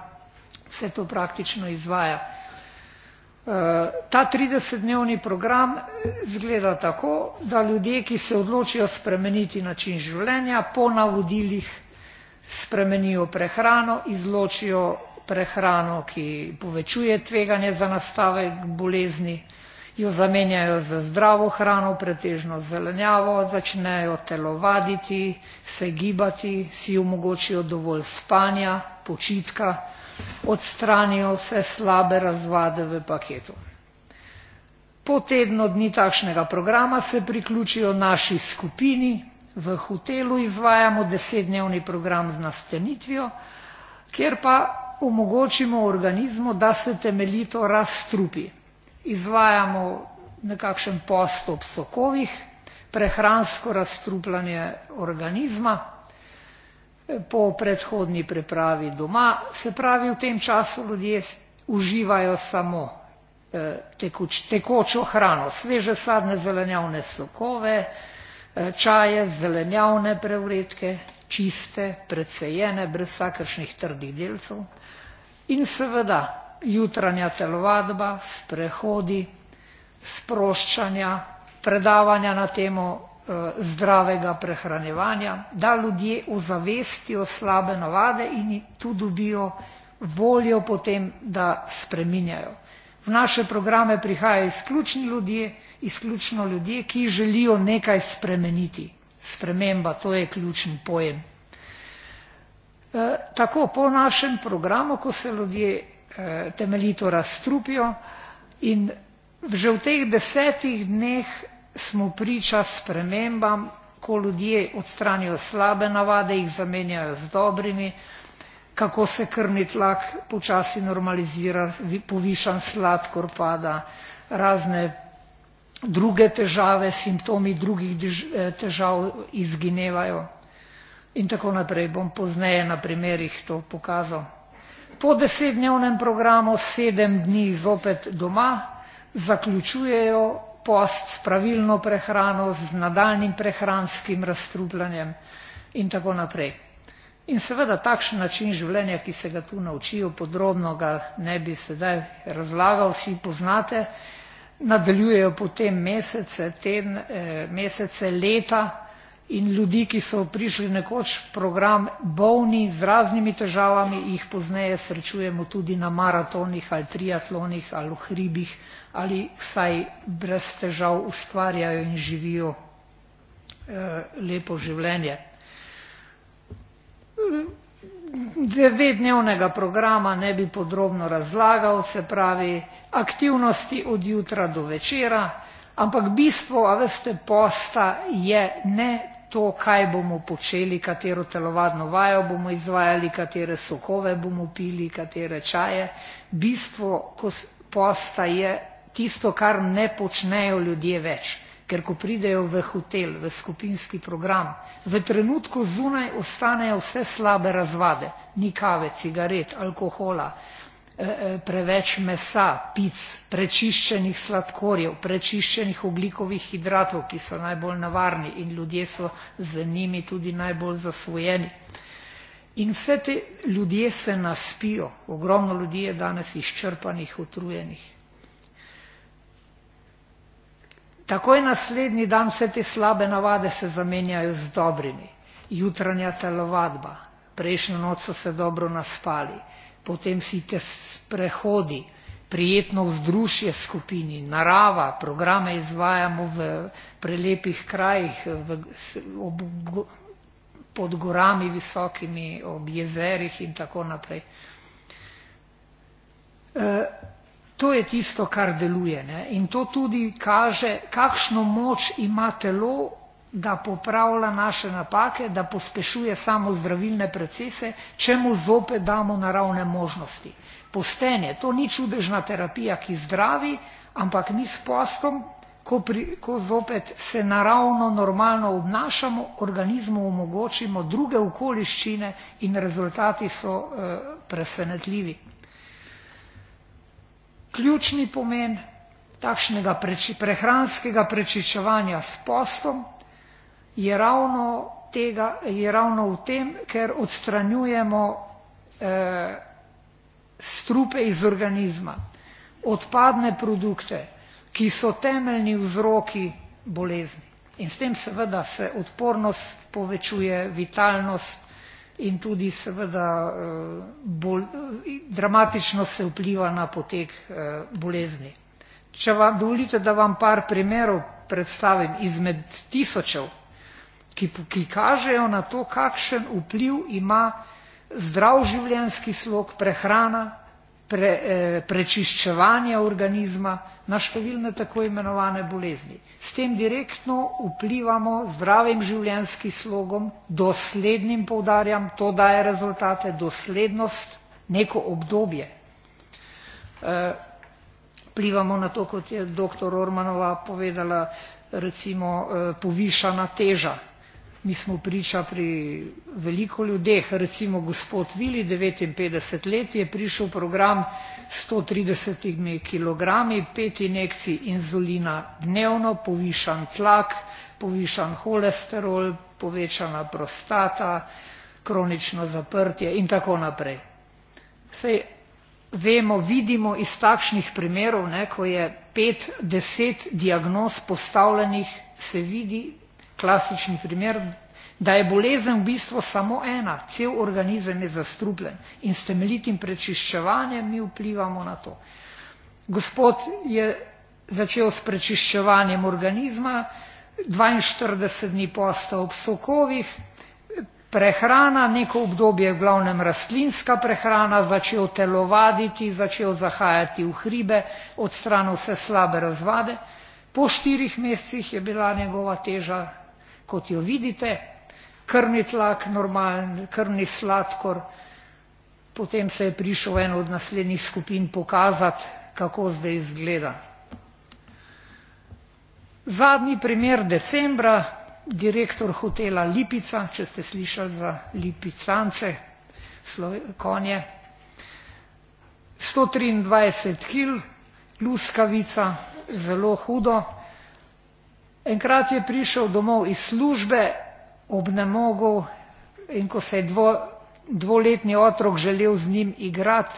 F: vse to praktično izvaja. Ta 30-dnevni program zgleda tako, da ljudje, ki se odločijo spremeniti način življenja, po navodilih spremenijo prehrano, izločijo prehrano, ki povečuje tveganje za nastavek bolezni, jo zamenjajo za zdravo hrano, pretežno zelenjavo, začnejo telovaditi, se gibati, si omogočijo dovolj spanja, počitka, odstranijo vse slabe razvade v paketu. Po tednu dni takšnega programa se priključijo naši skupini, v hotelu izvajamo desetdnevni program z nastanitvijo, kjer pa omogočimo organizmu, da se temeljito razstrupi. Izvajamo nekakšen post ob sokovih, prehransko razstrupljanje organizma po predhodni prepravi doma. Se pravi, v tem času ljudje uživajo samo tekočo hrano, sveže sadne zelenjavne sokove, čaje, zelenjavne prevredke, čiste, precejene, brez vsakršnih trdih delcev in seveda jutranja telovadba, sprehodi, sproščanja, predavanja na temo zdravega prehranjevanja, da ljudje ozavestijo slabe navade in tu dobijo voljo potem, da spreminjajo. V naše programe prihajajo izključni ljudje, izključno ljudje, ki želijo nekaj spremeniti. Sprememba, to je ključen pojem tako po našem programu, ko se ljudje temeljito razstrupijo in že v teh desetih dneh smo priča spremembam, ko ljudje odstranijo slabe navade, jih zamenjajo z dobrimi, kako se krvni tlak počasi normalizira, povišan sladkor pada, razne druge težave, simptomi drugih težav izginevajo in tako naprej. Bom pozneje na primerih to pokazal. Po desetdnevnem programu sedem dni zopet doma zaključujejo post s pravilno prehrano, z nadaljnim prehranskim razstrupljanjem in tako naprej. In seveda takšen način življenja, ki se ga tu naučijo, podrobno ga ne bi sedaj razlagal, vsi poznate, nadaljujejo potem mesece, ten mesece, leta in ljudi, ki so prišli nekoč program bolni z raznimi težavami, jih pozneje srečujemo tudi na maratonih ali triatlonih ali v hribih ali vsaj brez težav ustvarjajo in živijo lepo življenje. Devetdnevnega programa ne bi podrobno razlagal, se pravi aktivnosti od jutra do večera, ampak bistvo, a veste, posta je ne to, kaj bomo počeli, katero telovadno vajo bomo izvajali, katere sokove bomo pili, katere čaje. Bistvo posta je tisto, kar ne počnejo ljudje več, ker ko pridejo v hotel, v skupinski program, v trenutku zunaj ostanejo vse slabe razvade, ni kave, cigaret, alkohola, preveč mesa, pic, prečiščenih sladkorjev, prečiščenih oglikovih hidratov, ki so najbolj navarni in ljudje so z njimi tudi najbolj zasvojeni. In vse te ljudje se naspijo, ogromno ljudi je danes izčrpanih, utrujenih. Takoj naslednji dan vse te slabe navade se zamenjajo z dobrimi. Jutranja telovadba, prejšnjo noč so se dobro naspali, potem si te sprehodi, prijetno vzdušje skupini, narava, programe izvajamo v prelepih krajih, v, ob, pod gorami visokimi, ob jezerih in tako naprej. E, to je tisto, kar deluje ne? in to tudi kaže, kakšno moč ima telo da popravlja naše napake, da pospešuje samo zdravilne procese, če mu zopet damo naravne možnosti. Postenje, to ni čudežna terapija, ki zdravi, ampak mi s postom, ko, pri, ko zopet se naravno, normalno obnašamo, organizmu omogočimo druge okoliščine in rezultati so presenetljivi. Ključni pomen takšnega preči, prehranskega prečičevanja s postom je ravno tega v tem, ker odstranjujemo strupe iz organizma, odpadne produkte, ki so temeljni vzroki bolezni. In s tem seveda se odpornost povečuje, vitalnost in tudi seveda bolj, dramatično se vpliva na potek bolezni. Če vam dovolite, da vam par primerov predstavim izmed tisočev, ki kažejo na to, kakšen vpliv ima zdrav življenski slog, prehrana, prečiščevanje organizma na številne tako imenovane bolezni. S tem direktno vplivamo zdravim življenskim slogom, doslednim poudarjam, to daje rezultate, doslednost, neko obdobje. Vplivamo na to, kot je dr. Ormanova povedala, recimo povišana teža mi smo priča pri veliko ljudeh, recimo gospod Vili, 59 let, je prišel program 130 kg, pet injekcij inzulina dnevno, povišan tlak, povišan holesterol, povečana prostata, kronično zaprtje in tako naprej. Sej vemo, vidimo iz takšnih primerov, ko je pet, deset diagnoz postavljenih, se vidi, klasični primer, da je bolezen v bistvu samo ena, cel organizem je zastrupljen in s temeljitim prečiščevanjem mi vplivamo na to. Gospod je začel s prečiščevanjem organizma, 42 dni posta ob sokovih, prehrana, neko obdobje v glavnem rastlinska prehrana, začel telovaditi, začel zahajati v hribe, odstranil vse slabe razvade. Po štirih mesecih je bila njegova teža kot jo vidite, krvni tlak normalen, krvni sladkor. Potem se je prišel en od naslednjih skupin pokazati, kako zdaj izgleda. Zadnji primer decembra, direktor hotela Lipica, če ste slišali za lipicance, konje, 123 kil, luskavica, zelo hudo, Enkrat je prišel domov iz službe ob in ko se je dvoletni otrok želel z njim igrati,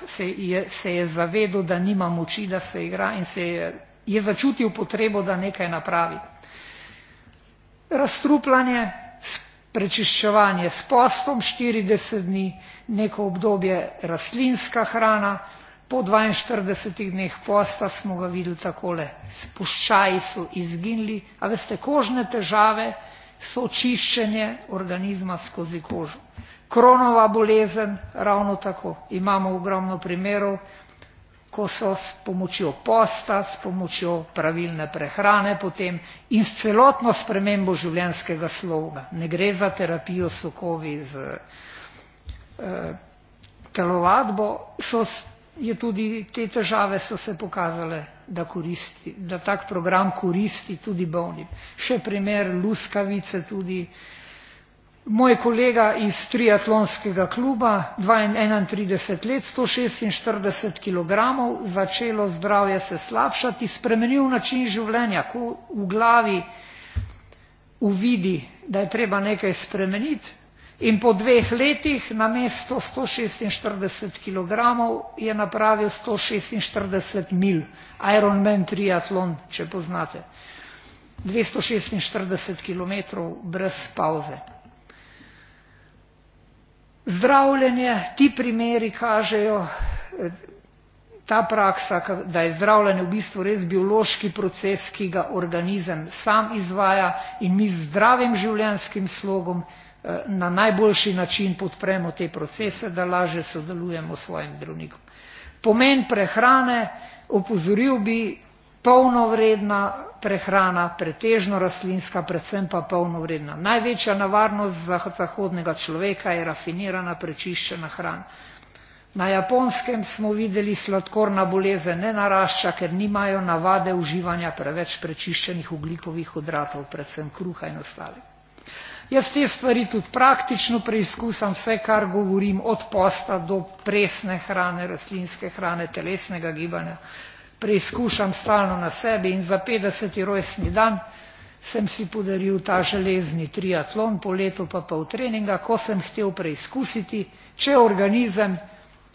F: se je zavedel, da nima moči, da se igra in se je, je začutil potrebo, da nekaj napravi. Razstrupljanje, prečiščevanje s postom 40 dni, neko obdobje rastlinska hrana, Po 42 dneh posta smo ga videli takole. Spuščaji so izginili, a veste, kožne težave so očišćenje organizma skozi kožo. Kronova bolezen ravno tako. Imamo ogromno primerov, ko so s pomočjo posta, s pomočjo pravilne prehrane potem in s celotno spremembo življenjskega sloga. Ne gre za terapijo sokovi z telovadbo, so je tudi te težave so se pokazale, da koristi, da tak program koristi tudi bolnim. Še primer luskavice tudi. Moj kolega iz triatlonskega kluba, 31 let, 146 kg, začelo zdravje se slabšati, spremenil način življenja, ko v glavi uvidi, da je treba nekaj spremeniti, In po dveh letih na mesto 146 kg je napravil 146 mil. Ironman triatlon, če poznate. 246 km brez pauze. Zdravljenje, ti primeri kažejo, ta praksa, da je zdravljenje v bistvu res biološki proces, ki ga organizem sam izvaja in mi z zdravim življenjskim slogom na najboljši način podpremo te procese, da lažje sodelujemo s svojim zdravnikom. Pomen prehrane, opozoril bi, polnovredna prehrana, pretežno rastlinska, predvsem pa polnovredna. Največja nevarnost za zahodnega človeka je rafinirana, prečiščena hrana. Na japonskem smo videli sladkorna bolezen ne narašča, ker nimajo navade uživanja preveč prečiščenih ugljikovih hidratov, predvsem kruha in ostalih. Jaz te stvari tudi praktično preizkusam, vse kar govorim, od posta do presne hrane, rastlinske hrane, telesnega gibanja. Preizkušam stalno na sebi in za 50. rojstni dan sem si podaril ta železni triatlon, po letu pa pol treninga, ko sem htel preizkusiti, če organizem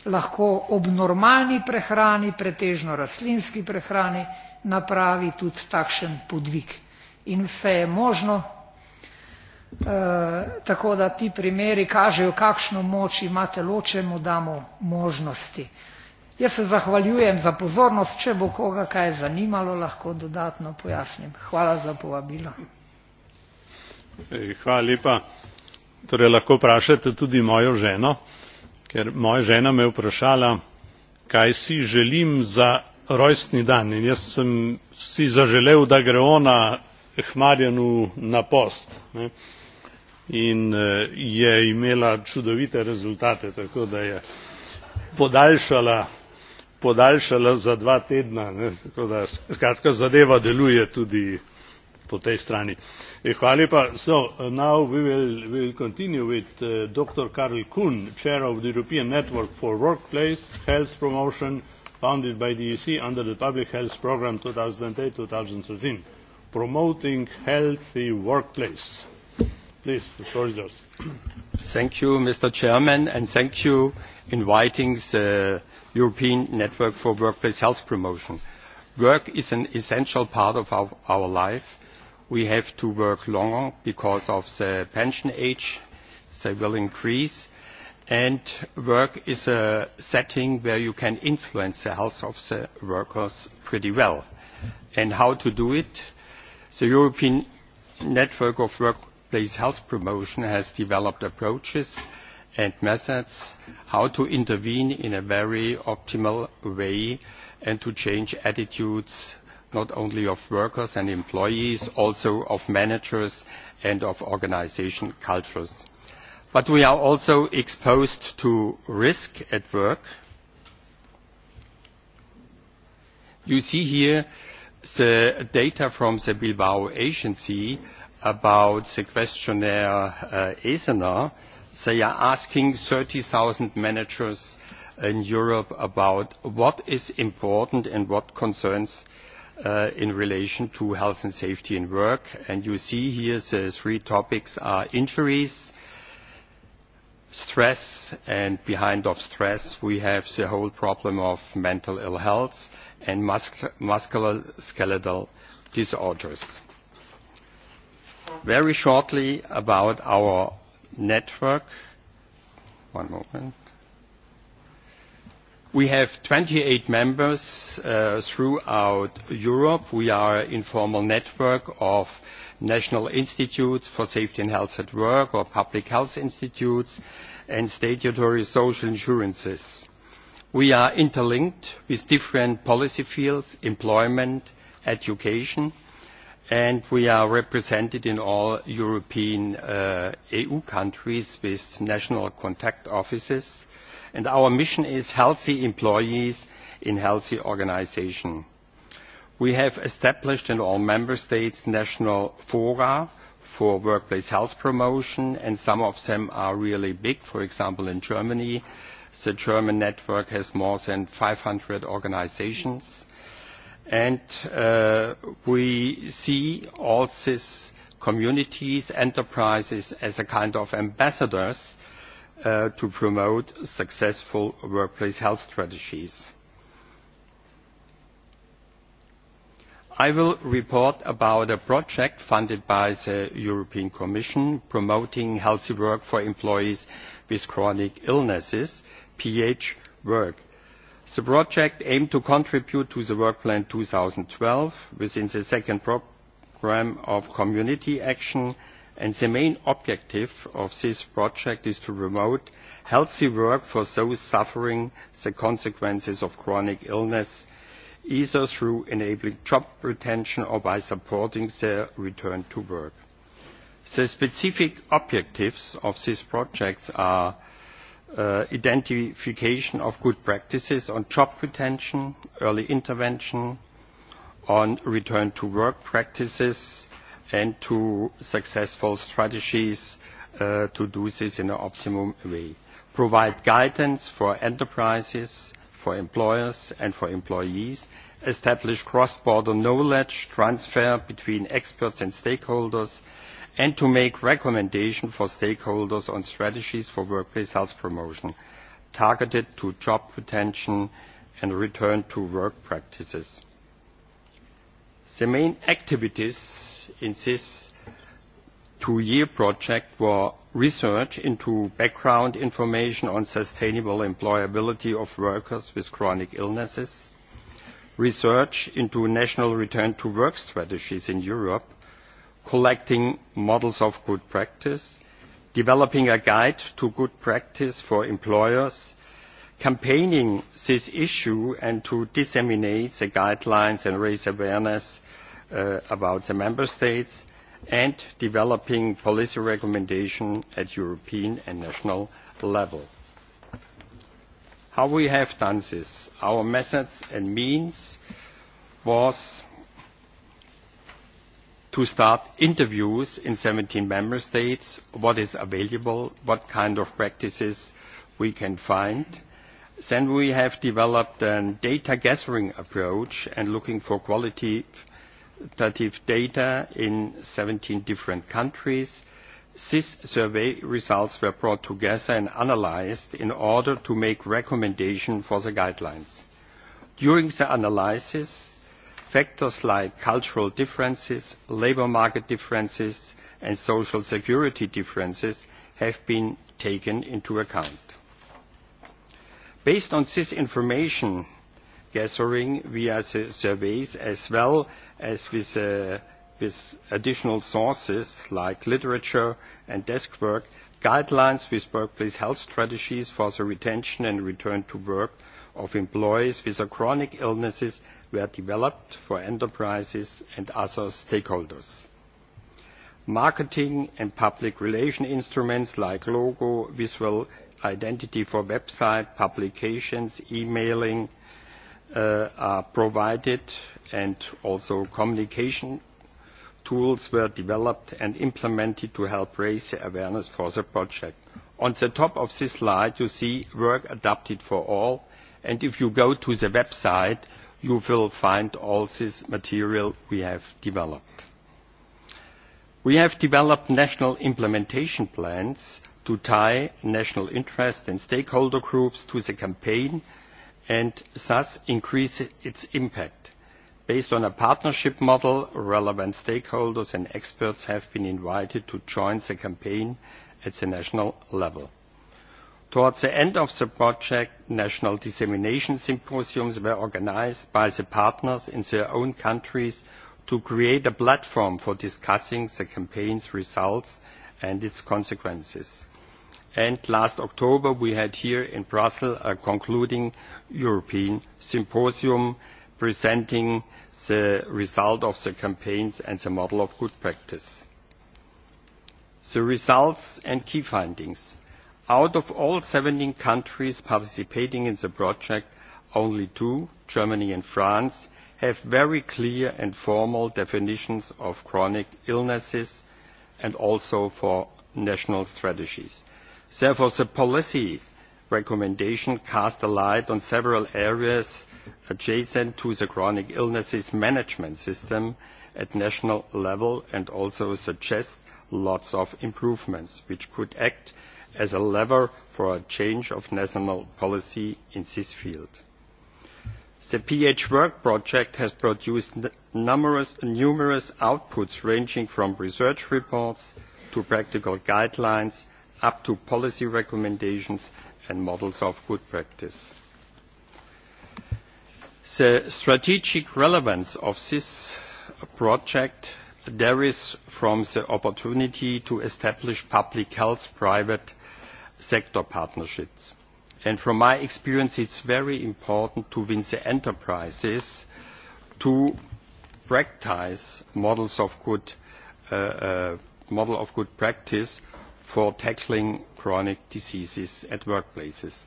F: lahko ob normalni prehrani, pretežno rastlinski prehrani, napravi tudi takšen podvig. In vse je možno, tako da ti primeri kažejo, kakšno moč imate ločemu damo možnosti. Jaz se zahvaljujem za pozornost, če bo koga kaj zanimalo, lahko dodatno pojasnim. Hvala za povabilo.
A: Hvala lepa. Torej lahko vprašate tudi mojo ženo, ker moja žena me je vprašala, kaj si želim za rojstni dan in jaz sem si zaželel, da gre ona Hmarjanu na post. Ne in je imela čudovite rezultate tako da je podaljšala podaljšala za dva tedna tako da skratka zadeva deluje tudi po tej strani. Hvala lepa. So now we will, we will continue with Dr. Karl Kuhn, Chair of the European Network for Workplace Health Promotion, founded by the EC under the Public Health Programme 2008-2013, promoting healthy workplace. Thank
G: you, Mr. Chairman, and thank you for inviting the European Network for Workplace Health Promotion. Work is an essential part of our life. We have to work longer because of the pension age. They will increase. And work is a setting where you can influence the health of the workers pretty well. And how to do it? The European Network of Work place health promotion has developed approaches and methods how to intervene in a very optimal way and to change attitudes not only of workers and employees, also of managers and of organisation cultures. But we are also exposed to risk at work. You see here the data from the Bilbao Agency about the questionnaire ESENA, they are asking 30,000 managers in Europe about what is important and what concerns in relation to health and safety in work. And you see here the three topics are injuries, stress, and behind of stress we have the whole problem of mental ill health and musculoskeletal disorders very shortly about our network. One moment. We have 28 members throughout Europe. We are an informal network of national institutes for safety and health at work or public health institutes and statutory social insurances. We are interlinked with different policy fields, employment, education and we are represented in all European EU countries with national contact offices. And our mission is healthy employees in healthy organisation. We have established in all member states national fora for workplace health promotion, and some of them are really big. For example, in Germany, the German network has more than 500 organisations and we see all these communities, enterprises as a kind of ambassadors to promote successful workplace health strategies. I will report about a project funded by the European Commission promoting healthy work for employees with chronic illnesses, PH Work The project aimed to contribute to the Work Plan 2012 within the second program of community action, and the main objective of this project is to promote healthy work for those suffering the consequences of chronic illness, either through enabling job retention or by supporting their return to work. The specific objectives of these projects are identification of good practices on job retention, early intervention, on return to work practices and to successful strategies to do this in an optimum way. Provide guidance for enterprises, for employers and for employees. Establish cross-border knowledge transfer between experts and stakeholders and to make recommendations for stakeholders on strategies for workplace health promotion targeted to job retention and return to work practices. The main activities in this two year project were research into background information on sustainable employability of workers with chronic illnesses, research into national return to work strategies in Europe, collecting models of good practice, developing a guide to good practice for employers, campaigning this issue and to disseminate the guidelines and raise awareness about the member states, and developing policy recommendations at European and national level. How we have done this, our methods and means was to start interviews in 17 member states, what is available, what kind of practices we can find. Then we have developed a data gathering approach and looking for qualitative data in 17 different countries. These survey results were brought together and analyzed in order to make recommendations for the guidelines. During the analysis, Factors like cultural differences, labour market differences and social security differences have been taken into account. Based on this information gathering via surveys as well as with additional sources like literature and desk work, guidelines with workplace health strategies for the retention and return to work of employees with chronic illnesses were developed for enterprises and other stakeholders. Marketing and public relation instruments like logo, visual identity for website publications, emailing are provided and also communication tools were developed and implemented to help raise awareness for the project. On the top of this slide you see work adapted for all and if you go to the website you will find all this material we have developed. We have developed national implementation plans to tie national interest and stakeholder groups to the campaign and thus increase its impact. Based on a partnership model, relevant stakeholders and experts have been invited to join the campaign at the national level. Towards the end of the project, national dissemination symposiums were organised by the partners in their own countries to create a platform for discussing the campaign's results and its consequences. And last October, we had here in Brussels a concluding European symposium presenting the result of the campaigns and the model of good practice. The results and key findings Out of all 17 countries participating in the project, only two, Germany and France, have very clear and formal definitions of chronic illnesses and also for national strategies. Therefore, the policy recommendation cast a light on several areas adjacent to the chronic illnesses management system at national level and also suggests lots of improvements which could act as a lever for a change of national policy in this field. The PH Work project has produced numerous outputs ranging from research reports to practical guidelines up to policy recommendations and models of good practice. The strategic relevance of this project is, from the opportunity to establish public health private sector partnerships. And from my experience, it is very important to win the enterprises to practice models of good model of good practice for tackling chronic diseases at workplaces.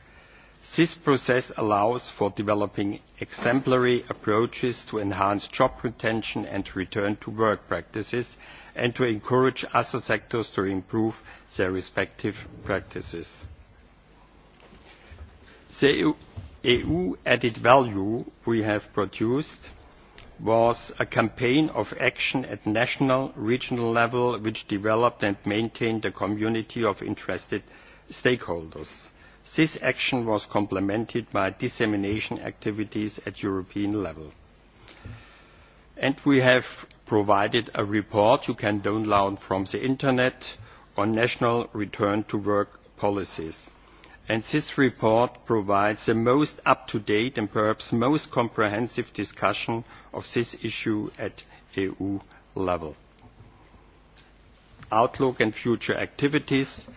G: This process allows for developing exemplary approaches to enhance job retention and return to work practices and to encourage other sectors to improve their respective practices. The EU added value we have produced was a campaign of action at national, regional level which developed and maintained a community of interested stakeholders. This action was complemented by dissemination activities at European level. And we have provided a report you can download from the Internet on national return to work policies. And this report provides the most up-to-date and perhaps most comprehensive discussion of this issue at EU level. Outlook and future activities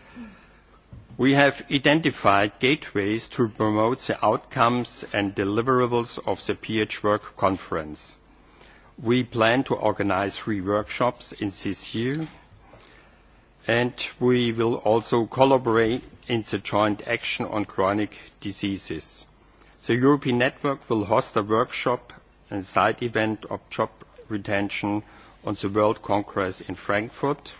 G: We have identified gateways to promote the outcomes and deliverables of the PH Work Conference. We plan to organise three workshops in this year, and we will also collaborate in the joint action on chronic diseases. The European Network will host a workshop and side event of job retention on the World Congress in Frankfurt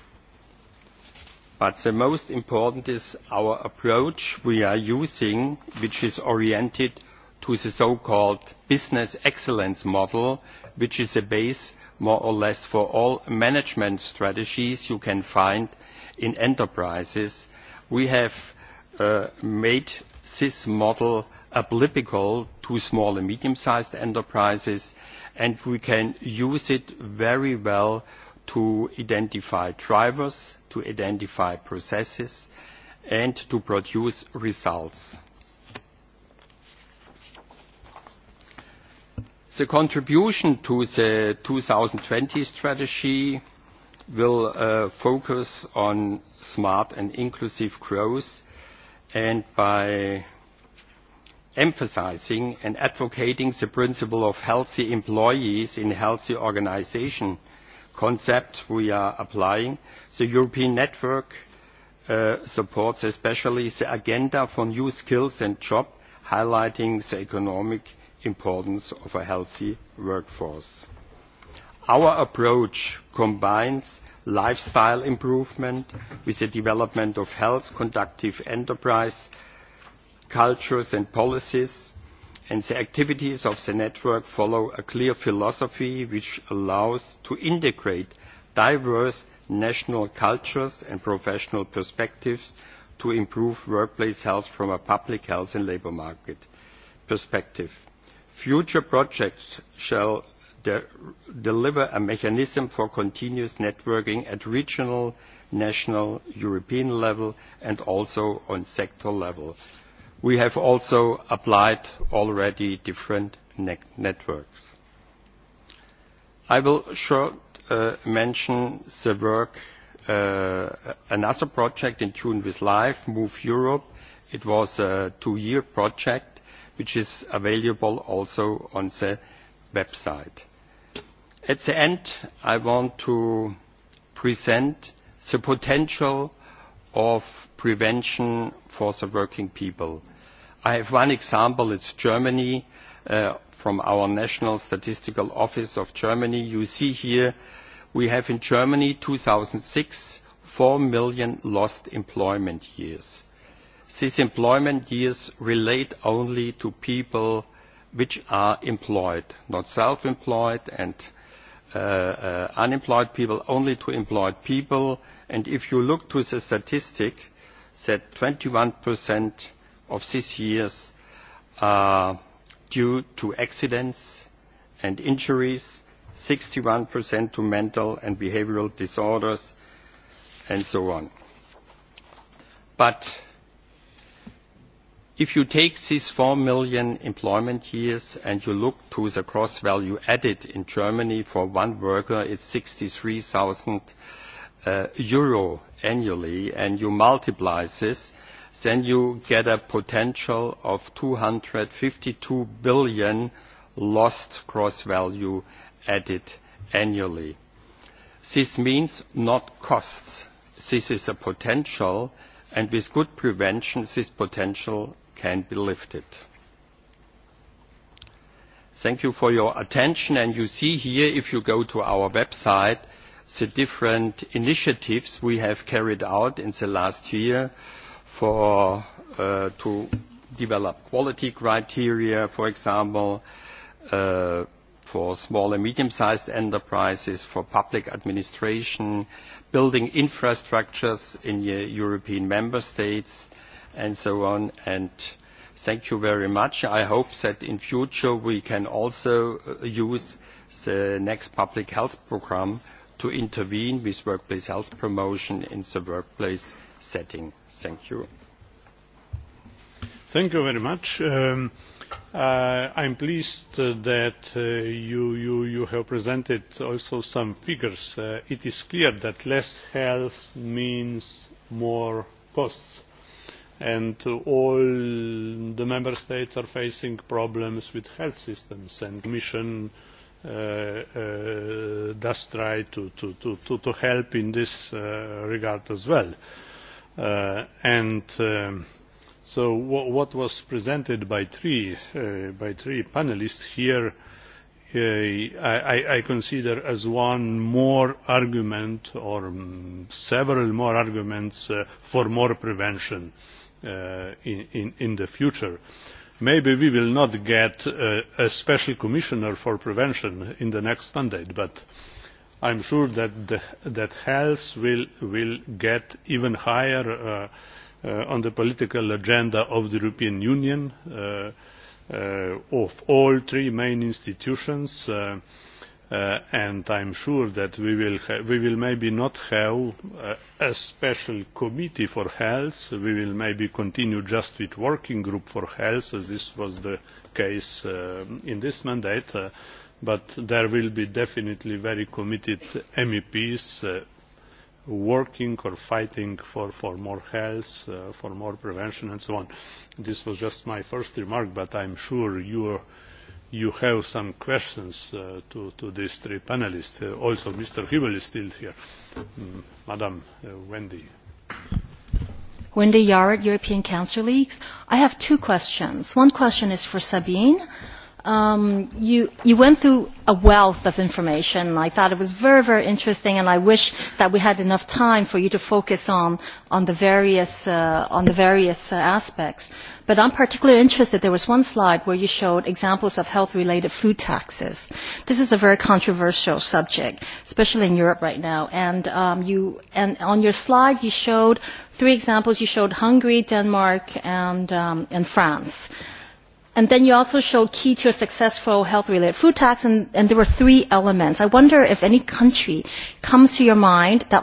G: But the most important is our approach we are using, which is oriented to the so-called business excellence model, which is a base more or less for all management strategies you can find in enterprises. We have made this model applicable to small and medium-sized enterprises, and we can use it very well to identify drivers, to identify processes and to produce results. The contribution to the 2020 strategy will focus on smart and inclusive growth and by emphasizing and advocating the principle of healthy employees in healthy organizations concept we are applying. The European network supports especially the agenda for new skills and jobs, highlighting the economic importance of a healthy workforce. Our approach combines lifestyle improvement with the development of health, conductive enterprise, cultures and policies and the activities of the network follow a clear philosophy which allows to integrate diverse national cultures and professional perspectives to improve workplace health from a public health and labour market perspective. Future projects shall deliver a mechanism for continuous networking at regional, national, European level and also on sector level. We have also applied already different networks. I will short mention the work, another project in tune with life, Move Europe. It was a two-year project which is available also on the website. At the end, I want to present the potential of prevention for the working people I have one example. It's Germany from our National Statistical Office of Germany. You see here we have in Germany two thousand six four million lost employment years. These employment years relate only to people which are employed, not self-employed and unemployed people, only to employed people. And if you look to the statistic that twenty 21% of these years are due to accidents and injuries, 61% to mental and behavioral disorders, and so on. But if you take these 4 million employment years and you look to the cross value added in Germany for one worker, it's 63,000 euro annually, and you multiply this then you get a potential of 252 billion lost cross-value added annually. This means not costs. This is a potential, and with good prevention, this potential can be lifted. Thank you for your attention, and you see here, if you go to our website, the different initiatives we have carried out in the last year for to develop quality criteria, for example, for small and medium-sized enterprises, for public administration, building infrastructures in European member states, and so on. And thank you very much. I hope that in future we can also use the next public health program to intervene with workplace health promotion in the workplace setting. Thank you.
A: Thank you very much. I am pleased that you have presented also some figures. It is clear that less health means more costs and all the member states are facing problems with health systems and the commission does try to help in this regard as well. And so what was presented by three panelists here I consider as one more argument or several more arguments for more prevention in the future maybe we will not get a special commissioner for prevention in the next mandate but i am sure that health will get even higher on the political agenda of the european union of all three main institutions and I am sure that we will we will maybe not have a special committee for health. We will maybe continue just with working group for health, as this was the case in this mandate. But there will be definitely very committed MEPs working or fighting for more health, for more prevention and so on. This was just my first remark, but I am sure your you have some questions to these three panelists. Also, Mr. Hubel is still here. Madam Wendy.
H: Wendy European Council Leagues. I have two questions. One question is for Sabine You you went through a wealth of information. I thought it was very, very interesting and I wish that we had enough time for you to focus on on the various on the various aspects. But I'm particularly interested there was one slide where you showed examples of health related food taxes. This is a very controversial subject, especially in Europe right now. And um you and on your slide you showed three examples you showed Hungary, Denmark and um and France. And then you also show key to a successful health-related food tax, and there were three elements. I wonder if any country comes to your mind that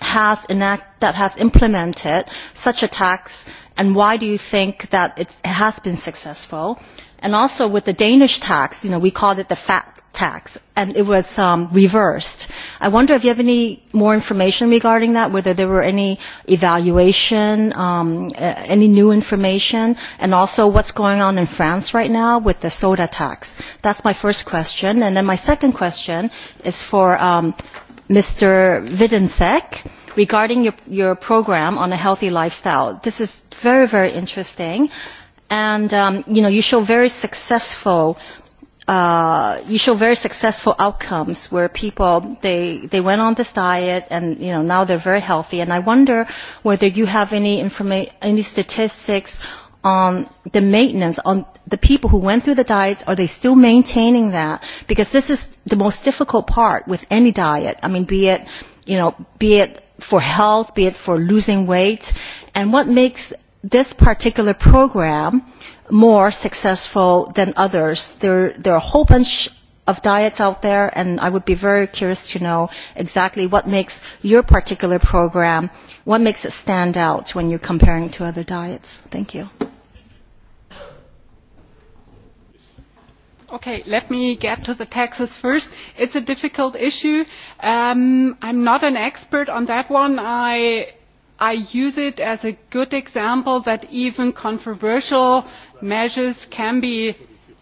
H: has that has implemented such a tax, and why do you think that it has been successful? And also with the Danish tax, you know, we called it the fat tax and it was reversed. I wonder if you have any more information regarding that, whether there were any evaluation, any new information, and also what's going on in France right now with the soda tax. That's my first question. And then my second question is for Mr. Vidensek regarding your, your program on a healthy lifestyle. This is very, very interesting. And, you know, you show very successful uh you show very successful outcomes where people they they went on this diet and you know now they're very healthy and I wonder whether you have any any statistics on the maintenance on the people who went through the diets are they still maintaining that because this is the most difficult part with any diet I mean be it you know be it for health be it for losing weight and what makes this particular program more successful than others. There are a whole bunch of diets out there, and I would be very curious to know exactly what makes your particular program, what makes it stand out when you're comparing to other diets. Thank you.
E: Okay, let me get to the taxes first. It's a difficult issue. I'm not an expert on that one. I I use it as a good example that even controversial measures can be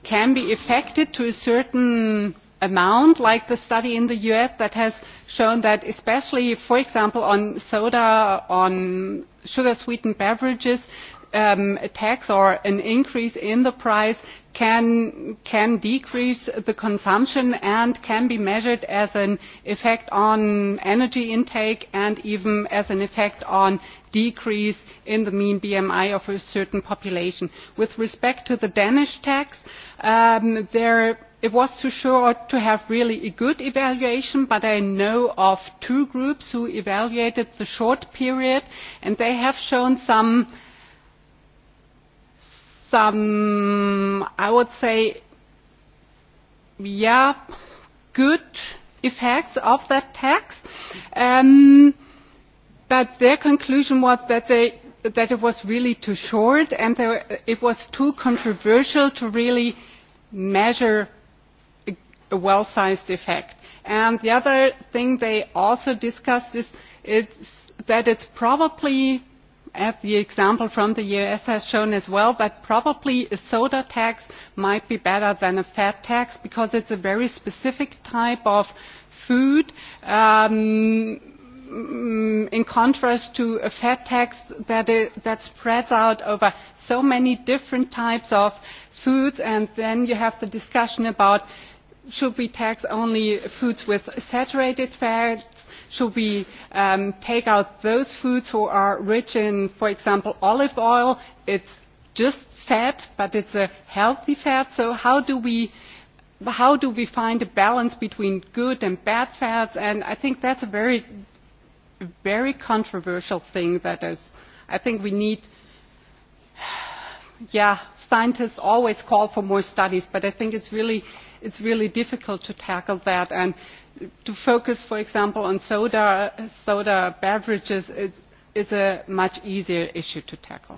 E: effected to a certain amount, like the study in the US that has shown that especially, for example, on soda, on sugar-sweetened beverages, tax or an increase in the price can decrease the consumption and can be measured as an effect on energy intake and even as an effect on decrease in the mean BMI of a certain population. With respect to the Danish tax, it was too short to have really a good evaluation, but I know of two groups who evaluated the short period and they have shown some some, I would say, yeah, good effects of that tax. But their conclusion was that that it was really too short and it was too controversial to really measure a well sized effect. And the other thing they also discussed is that it's probably the example from the us has shown as well but probably a soda tax might be better than a fat tax because it is a very specific type of food in contrast to a fat tax that spreads out over so many different types of foods and then you have the discussion about should we tax only foods with saturated fats Should we take out those foods who are rich in for example olive oil it's just fat but it's a healthy fat so how do we how do we find a balance between good and bad fats and i think that's a very very controversial thing that is i think we need yeah scientists always call for more studies but i think it's really it's really difficult to tackle that and to focus for example on soda beverages is a much easier issue to tackle.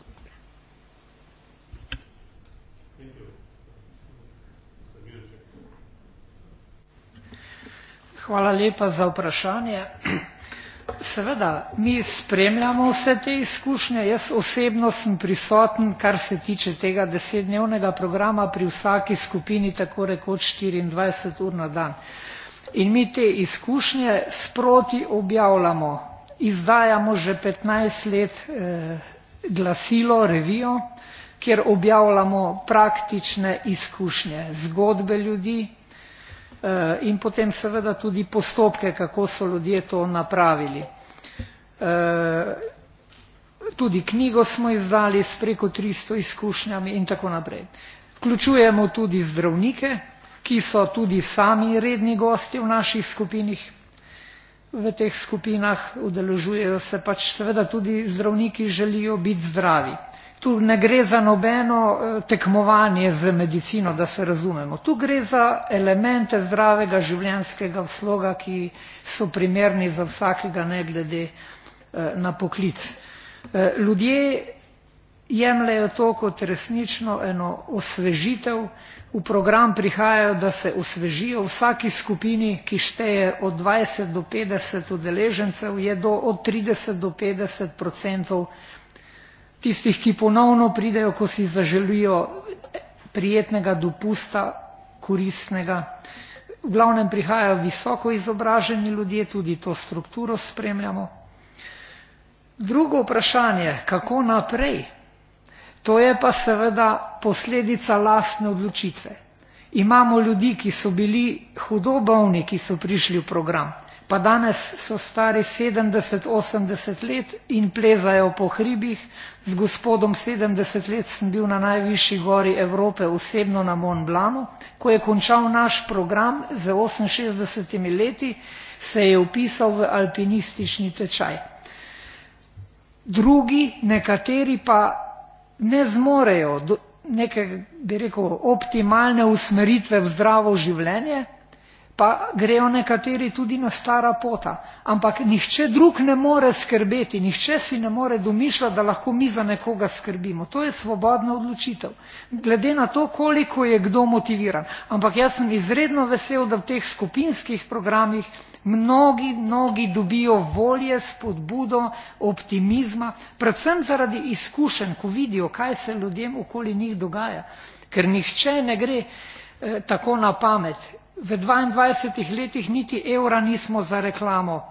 F: Hvala lepa za vprašanje. Seveda, mi spremljamo vse te izkušnje. Jaz osebno sem prisoten, kar se tiče tega desetdnevnega programa pri vsaki skupini tako rekoč 24 ur na dan in mi te izkušnje sproti objavljamo. Izdajamo že 15 let glasilo, revijo, kjer objavljamo praktične izkušnje, zgodbe ljudi in potem seveda tudi postopke, kako so ljudje to napravili. Tudi knjigo smo izdali s preko 300 izkušnjami in tako naprej. Vključujemo tudi zdravnike, ki so tudi sami redni gosti v naših skupinah. V teh skupinah udeležujejo se pač seveda tudi zdravniki, želijo biti zdravi. Tu ne gre za nobeno tekmovanje z medicino, da se razumemo. Tu gre za elemente zdravega življenjskega sloga, ki so primerni za vsakega, ne glede na poklic. Ljudje jemljejo to kot resnično eno osvežitev, v program prihajajo, da se osvežijo, vsaki skupini, ki šteje od 20 do 50 udeležencev, je do od 30 do 50 odstotkov tistih, ki ponovno pridejo, ko si zaželijo prijetnega dopusta, koristnega. V glavnem prihajajo visoko izobraženi ljudje, tudi to strukturo spremljamo. Drugo vprašanje, kako naprej, To je pa seveda posledica lastne odločitve. Imamo ljudi, ki so bili hudobovni, ki so prišli v program, pa danes so stari 70, 80 let in plezajo po hribih. Z gospodom 70 let sem bil na najvišji gori Evrope, osebno na Mont Blanu. Ko je končal naš program z 68 leti, se je upisal v alpinistični tečaj. Drugi, nekateri pa ne zmorejo neke, bi rekel, optimalne usmeritve v zdravo življenje, pa grejo nekateri tudi na stara pota. Ampak nihče drug ne more skrbeti, nihče si ne more domišljati, da lahko mi za nekoga skrbimo. To je svobodna odločitev. Glede na to, koliko je kdo motiviran. Ampak jaz sem izredno vesel, da v teh skupinskih programih mnogi, mnogi dobijo volje, spodbudo, optimizma, predvsem zaradi izkušenj, ko vidijo, kaj se ljudem okoli njih dogaja, ker nihče ne gre tako na pamet. V 22 letih niti evra nismo za reklamo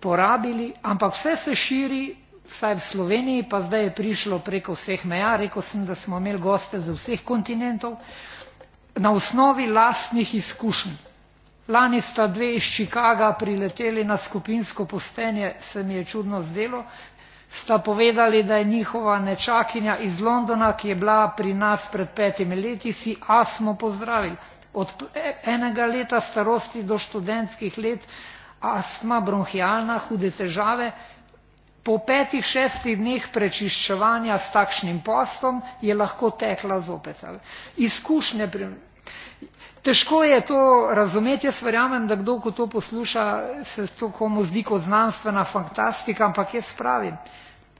F: porabili, ampak vse se širi, vsaj v Sloveniji, pa zdaj je prišlo preko vseh meja, rekel sem, da smo imeli goste z vseh kontinentov, na osnovi lastnih izkušenj. Lani sta dve iz Čikaga prileteli na skupinsko postenje, se mi je čudno zdelo, sta povedali, da je njihova nečakinja iz Londona, ki je bila pri nas pred petimi leti, si astmo pozdravili. Od enega leta starosti do študentskih let astma, bronhialna, hude težave. Po petih, šestih dneh prečiščevanja s takšnim postom je lahko tekla zopet. Izkušnje Težko je to razumeti, jaz verjamem, da kdo, ko to posluša, se to komu zdi kot znanstvena fantastika, ampak jaz pravim,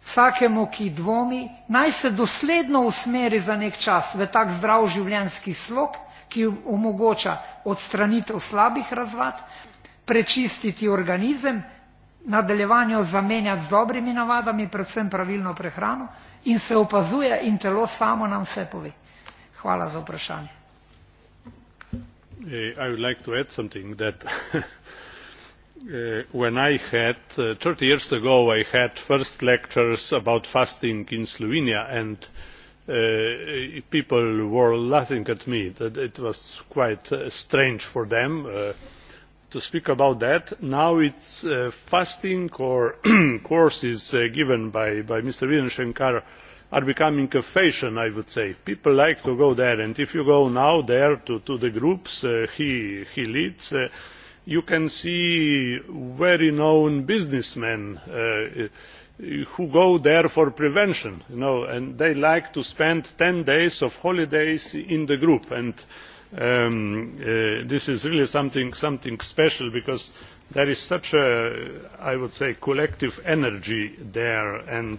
F: vsakemu, ki dvomi, naj se dosledno usmeri za nek čas v tak zdrav življenjski slog, ki omogoča odstranitev slabih razvad, prečistiti organizem, nadaljevanje zamenjati z dobrimi navadami, predvsem pravilno prehrano in se opazuje in telo samo nam vse pove. Hvala za vprašanje.
A: I would like to add something that when I had 30 years ago I had first lectures about fasting in Slovenia and people were laughing at me. that It was quite strange for them to speak about that. Now it's fasting or courses given by Mr. Shankar are becoming a fashion i would say. people like to go there and if you go now there to the groups he leads you can see very known businessmen who go there for prevention and they like to spend 10 days of holidays in the group and this is really something special because there is such a i would say collective energy there and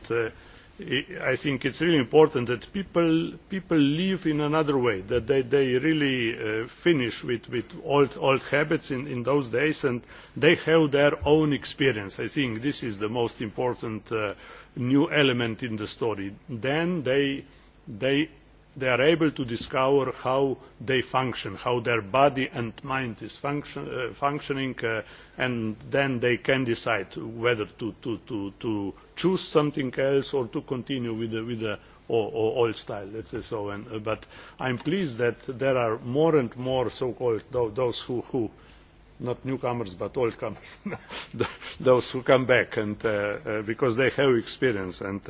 A: I think it's really important that people people live in another way, that they they really finish with with old habits in those days and they have their own experience. I think this is the most important new element in the story. Then they they they are able to discover how they function, how their body and mind is functioning, and then they can decide whether to choose something else or to continue with the old style, let's say so. But I'm pleased that there are more and more so-called those who not newcomers but old comers those who come back and because they have experience and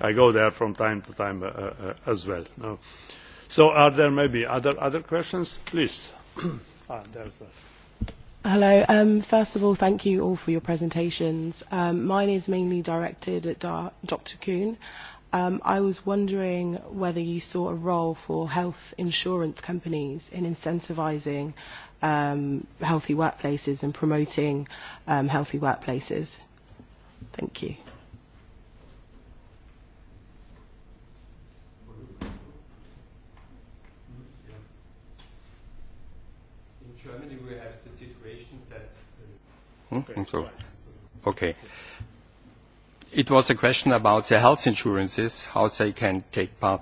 A: i go there from time to time as well so are there maybe other other questions please
D: hello first of all thank you all for your presentations
E: mine is mainly directed at dr kuhn I was wondering whether you saw a role for health insurance companies in incentivizing
H: healthy workplaces and promoting healthy workplaces.
D: Thank you.
G: In Germany we have the situation that. Okay. It was a question about the health insurances, how they can take part.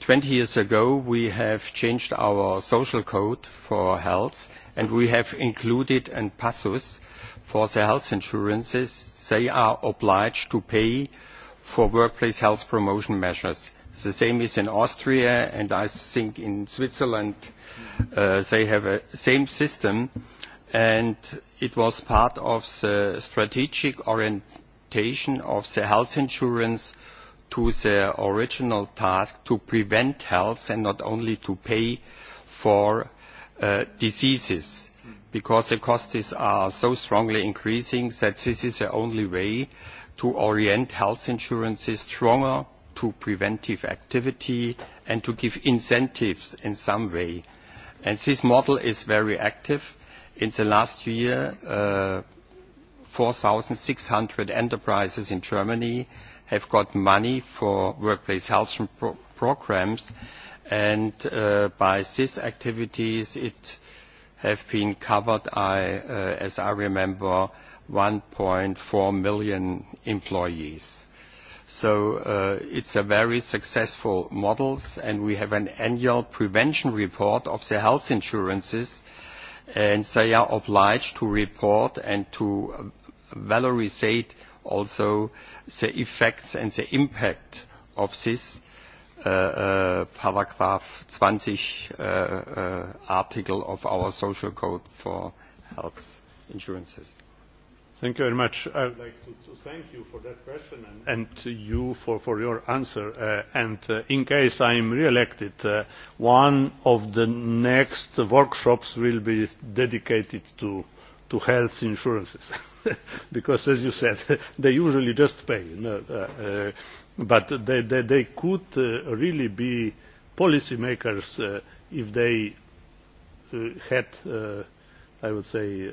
G: 20 years ago we have changed our social code for health and we have included a passus for the health insurances they are obliged to pay for workplace health promotion measures. The same is in Austria and I think in Switzerland they have the same system and it was part of the strategic orientation of the health insurance to the original task to prevent health and not only to pay for diseases because the costs are so strongly increasing that this is the only way to orient health insurances stronger to preventive activity and to give incentives in some way. And this model is very active. In the last year, 4,600 enterprises in Germany have got money for workplace health programs and by these activities it have been covered, as I remember, 1.4 million employees. So it's a very successful model and we have an annual prevention report of the health insurances and they are obliged to report and to valorize also the effects and the impact of this paragraph 20 article of our social code for health insurances.
A: Thank you very much. I would like to thank you for that question
G: and you for
A: your answer. And in case I am re-elected, one of the next workshops will be dedicated to to health insurances because as you said they usually just pay but they could really be policy makers if they had i would say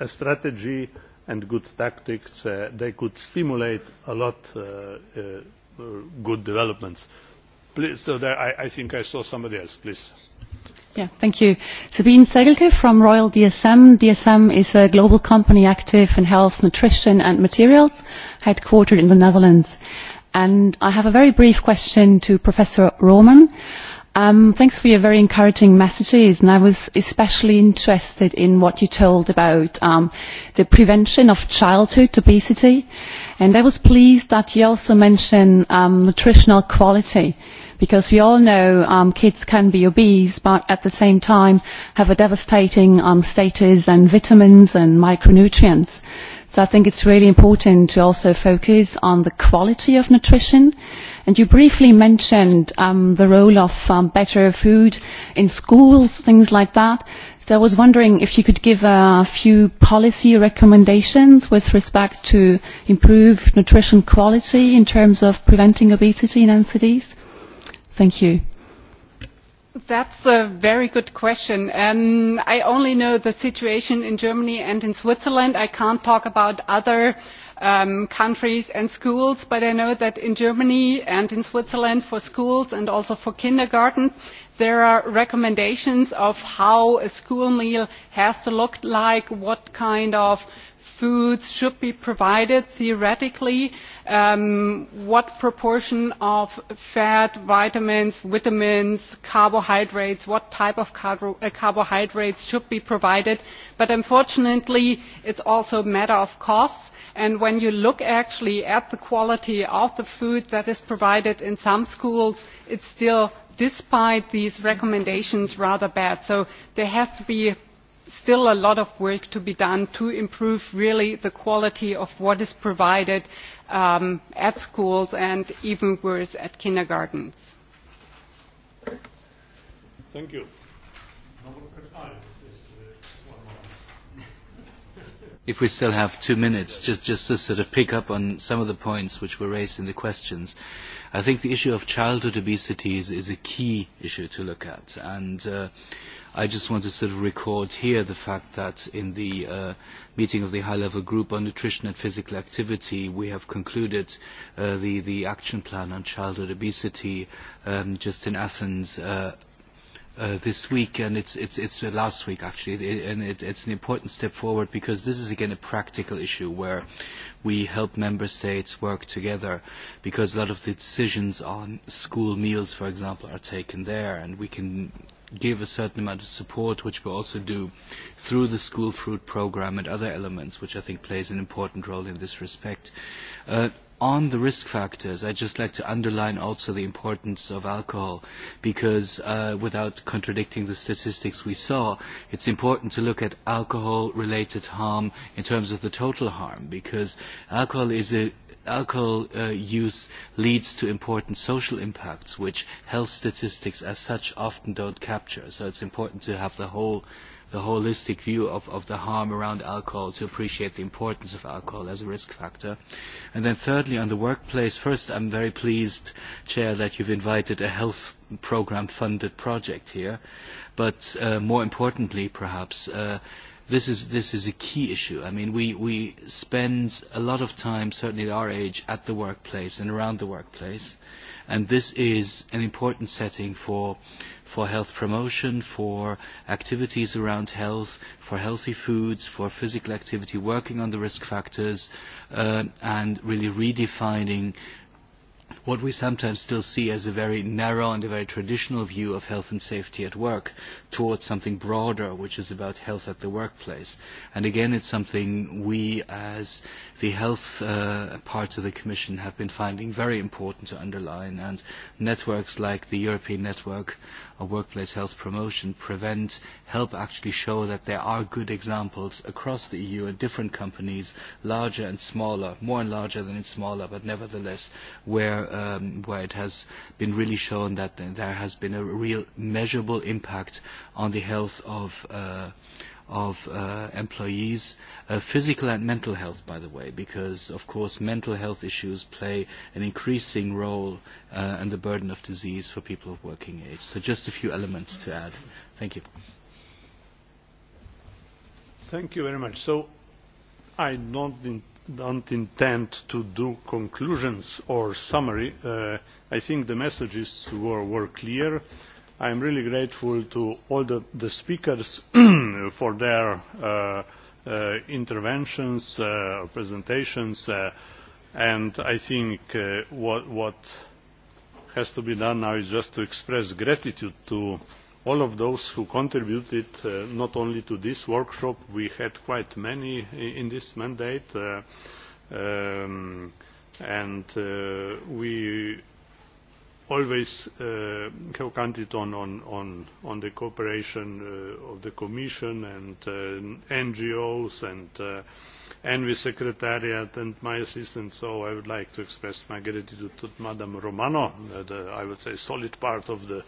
A: a strategy and good tactics they could stimulate a lot good developments. Please, so I think I saw somebody else. Please.
I: Yeah, thank you. Sabine Segelke from Royal DSM. DSM is a global company active in health, nutrition and materials, headquartered in the Netherlands. And I have a very brief question to Professor Roman. Um, thanks for your very encouraging messages, and I was especially interested in what you told about um, the prevention of childhood obesity, and I was pleased that you also mentioned nutritional quality because we all know kids can be obese but at the same time have a devastating status and vitamins and micronutrients. So I think it's really important to also focus on the quality of nutrition. And you briefly mentioned the role of better food in schools, things like that. So I was wondering if you could give a few policy recommendations with respect to improved nutrition quality in terms of preventing obesity in NCDs. Thank you.
E: That's a very good question. I only know the situation in Germany and in Switzerland. I can't talk about other countries and schools, but I know that in Germany and in Switzerland for schools and also for kindergarten, there are recommendations of how a school meal has to look like, what kind of foods should be provided theoretically what proportion of fat vitamins vitamins carbohydrates what type of carbohydrates should be provided but unfortunately it's also a matter of costs and when you look actually at the quality of the food that is provided in some schools it's still despite these recommendations rather bad so there has to be still a lot of work to be done to improve really the quality of what is provided at schools and even worse at kindergartens.
A: Thank you.
B: If we still have two minutes, just to sort of pick up on some of the points which were raised in the questions I think the issue of childhood obesity is a key issue to look at. And I just want to sort of record here the fact that in the meeting of the high-level group on nutrition and physical activity, we have concluded the action plan on childhood obesity just in Athens this week and it's it's it's last week actually and it's an important step forward because this is again a practical issue where we help member states work together because a lot of the decisions on school meals, for example, are taken there and we can give a certain amount of support, which we also do through the school fruit programme and other elements, which I think plays an important role in this respect. On the risk factors, I'd just like to underline also the importance of alcohol, because without contradicting the statistics we saw, it's important to look at alcohol-related harm in terms of the total harm, because alcohol is a alcohol use leads to important social impacts, which health statistics as such often don't capture. So it's important to have the whole the holistic view of of the harm around alcohol to appreciate the importance of alcohol as a risk factor. And then thirdly, on the workplace, first I'm very pleased, Chair, that you've invited a health program funded project here. But more importantly, perhaps, this is this is a key issue. I mean, we we spend a lot of time, certainly at our age, at the workplace and around the workplace, and this is an important setting for for health promotion, for activities around health, for healthy foods, for physical activity, working on the risk factors, and really redefining what we sometimes still see as a very narrow and a very traditional view of health and safety at work towards something broader, which is about health at the workplace. And again, it's something we, as the health part of the Commission, have been finding very important to underline. And networks like the European Network of Workplace Health Promotion, PREVENT, help actually show that there are good examples across the EU and different companies, larger and smaller, more and larger than it's smaller, but nevertheless, where it has been really shown that there has been a real measurable impact on the health of of employees, physical and mental health, by the way, because, of course, mental health issues play an increasing role in the burden of disease for people of working age. So just a few elements to add. Thank you.
A: Thank you very much. So I don't intend to do conclusions or summary. I think the messages were clear I am really grateful to all the speakers for their interventions, presentations, and I think what has to be done now is just to express gratitude to all of those who contributed not only to this workshop, we had quite many in this mandate, and we always counted on the cooperation of the Commission and NGOs and the Secretariat and my assistants. So I would like to express my gratitude to Madam Romano, the, I would say, solid part of the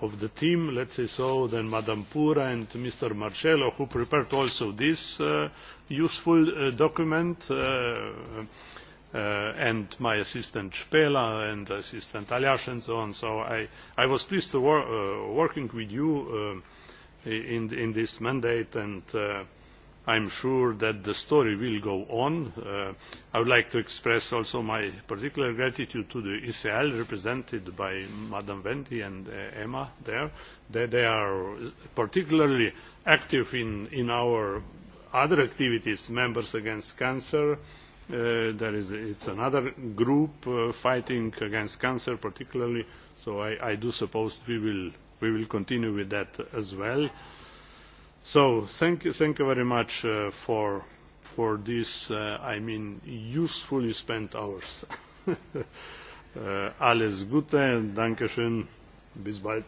A: of the team, let's say so, then Madam Pura and Mr. Marcello, who prepared also this useful document and my assistant Spela and assistant Aliash and so on. So I, was pleased to work with you in, this mandate and I am sure that the story will go on. I would like to express also my particular gratitude to the ECL represented by Madam Venti and Emma there. that they are particularly active in our other activities, Members Against Cancer, there is it's another group fighting against cancer particularly so i I do suppose we will we will continue with that as well so thank you thank you very much for for this i mean usefully spent hours alles gute danke schön bis bald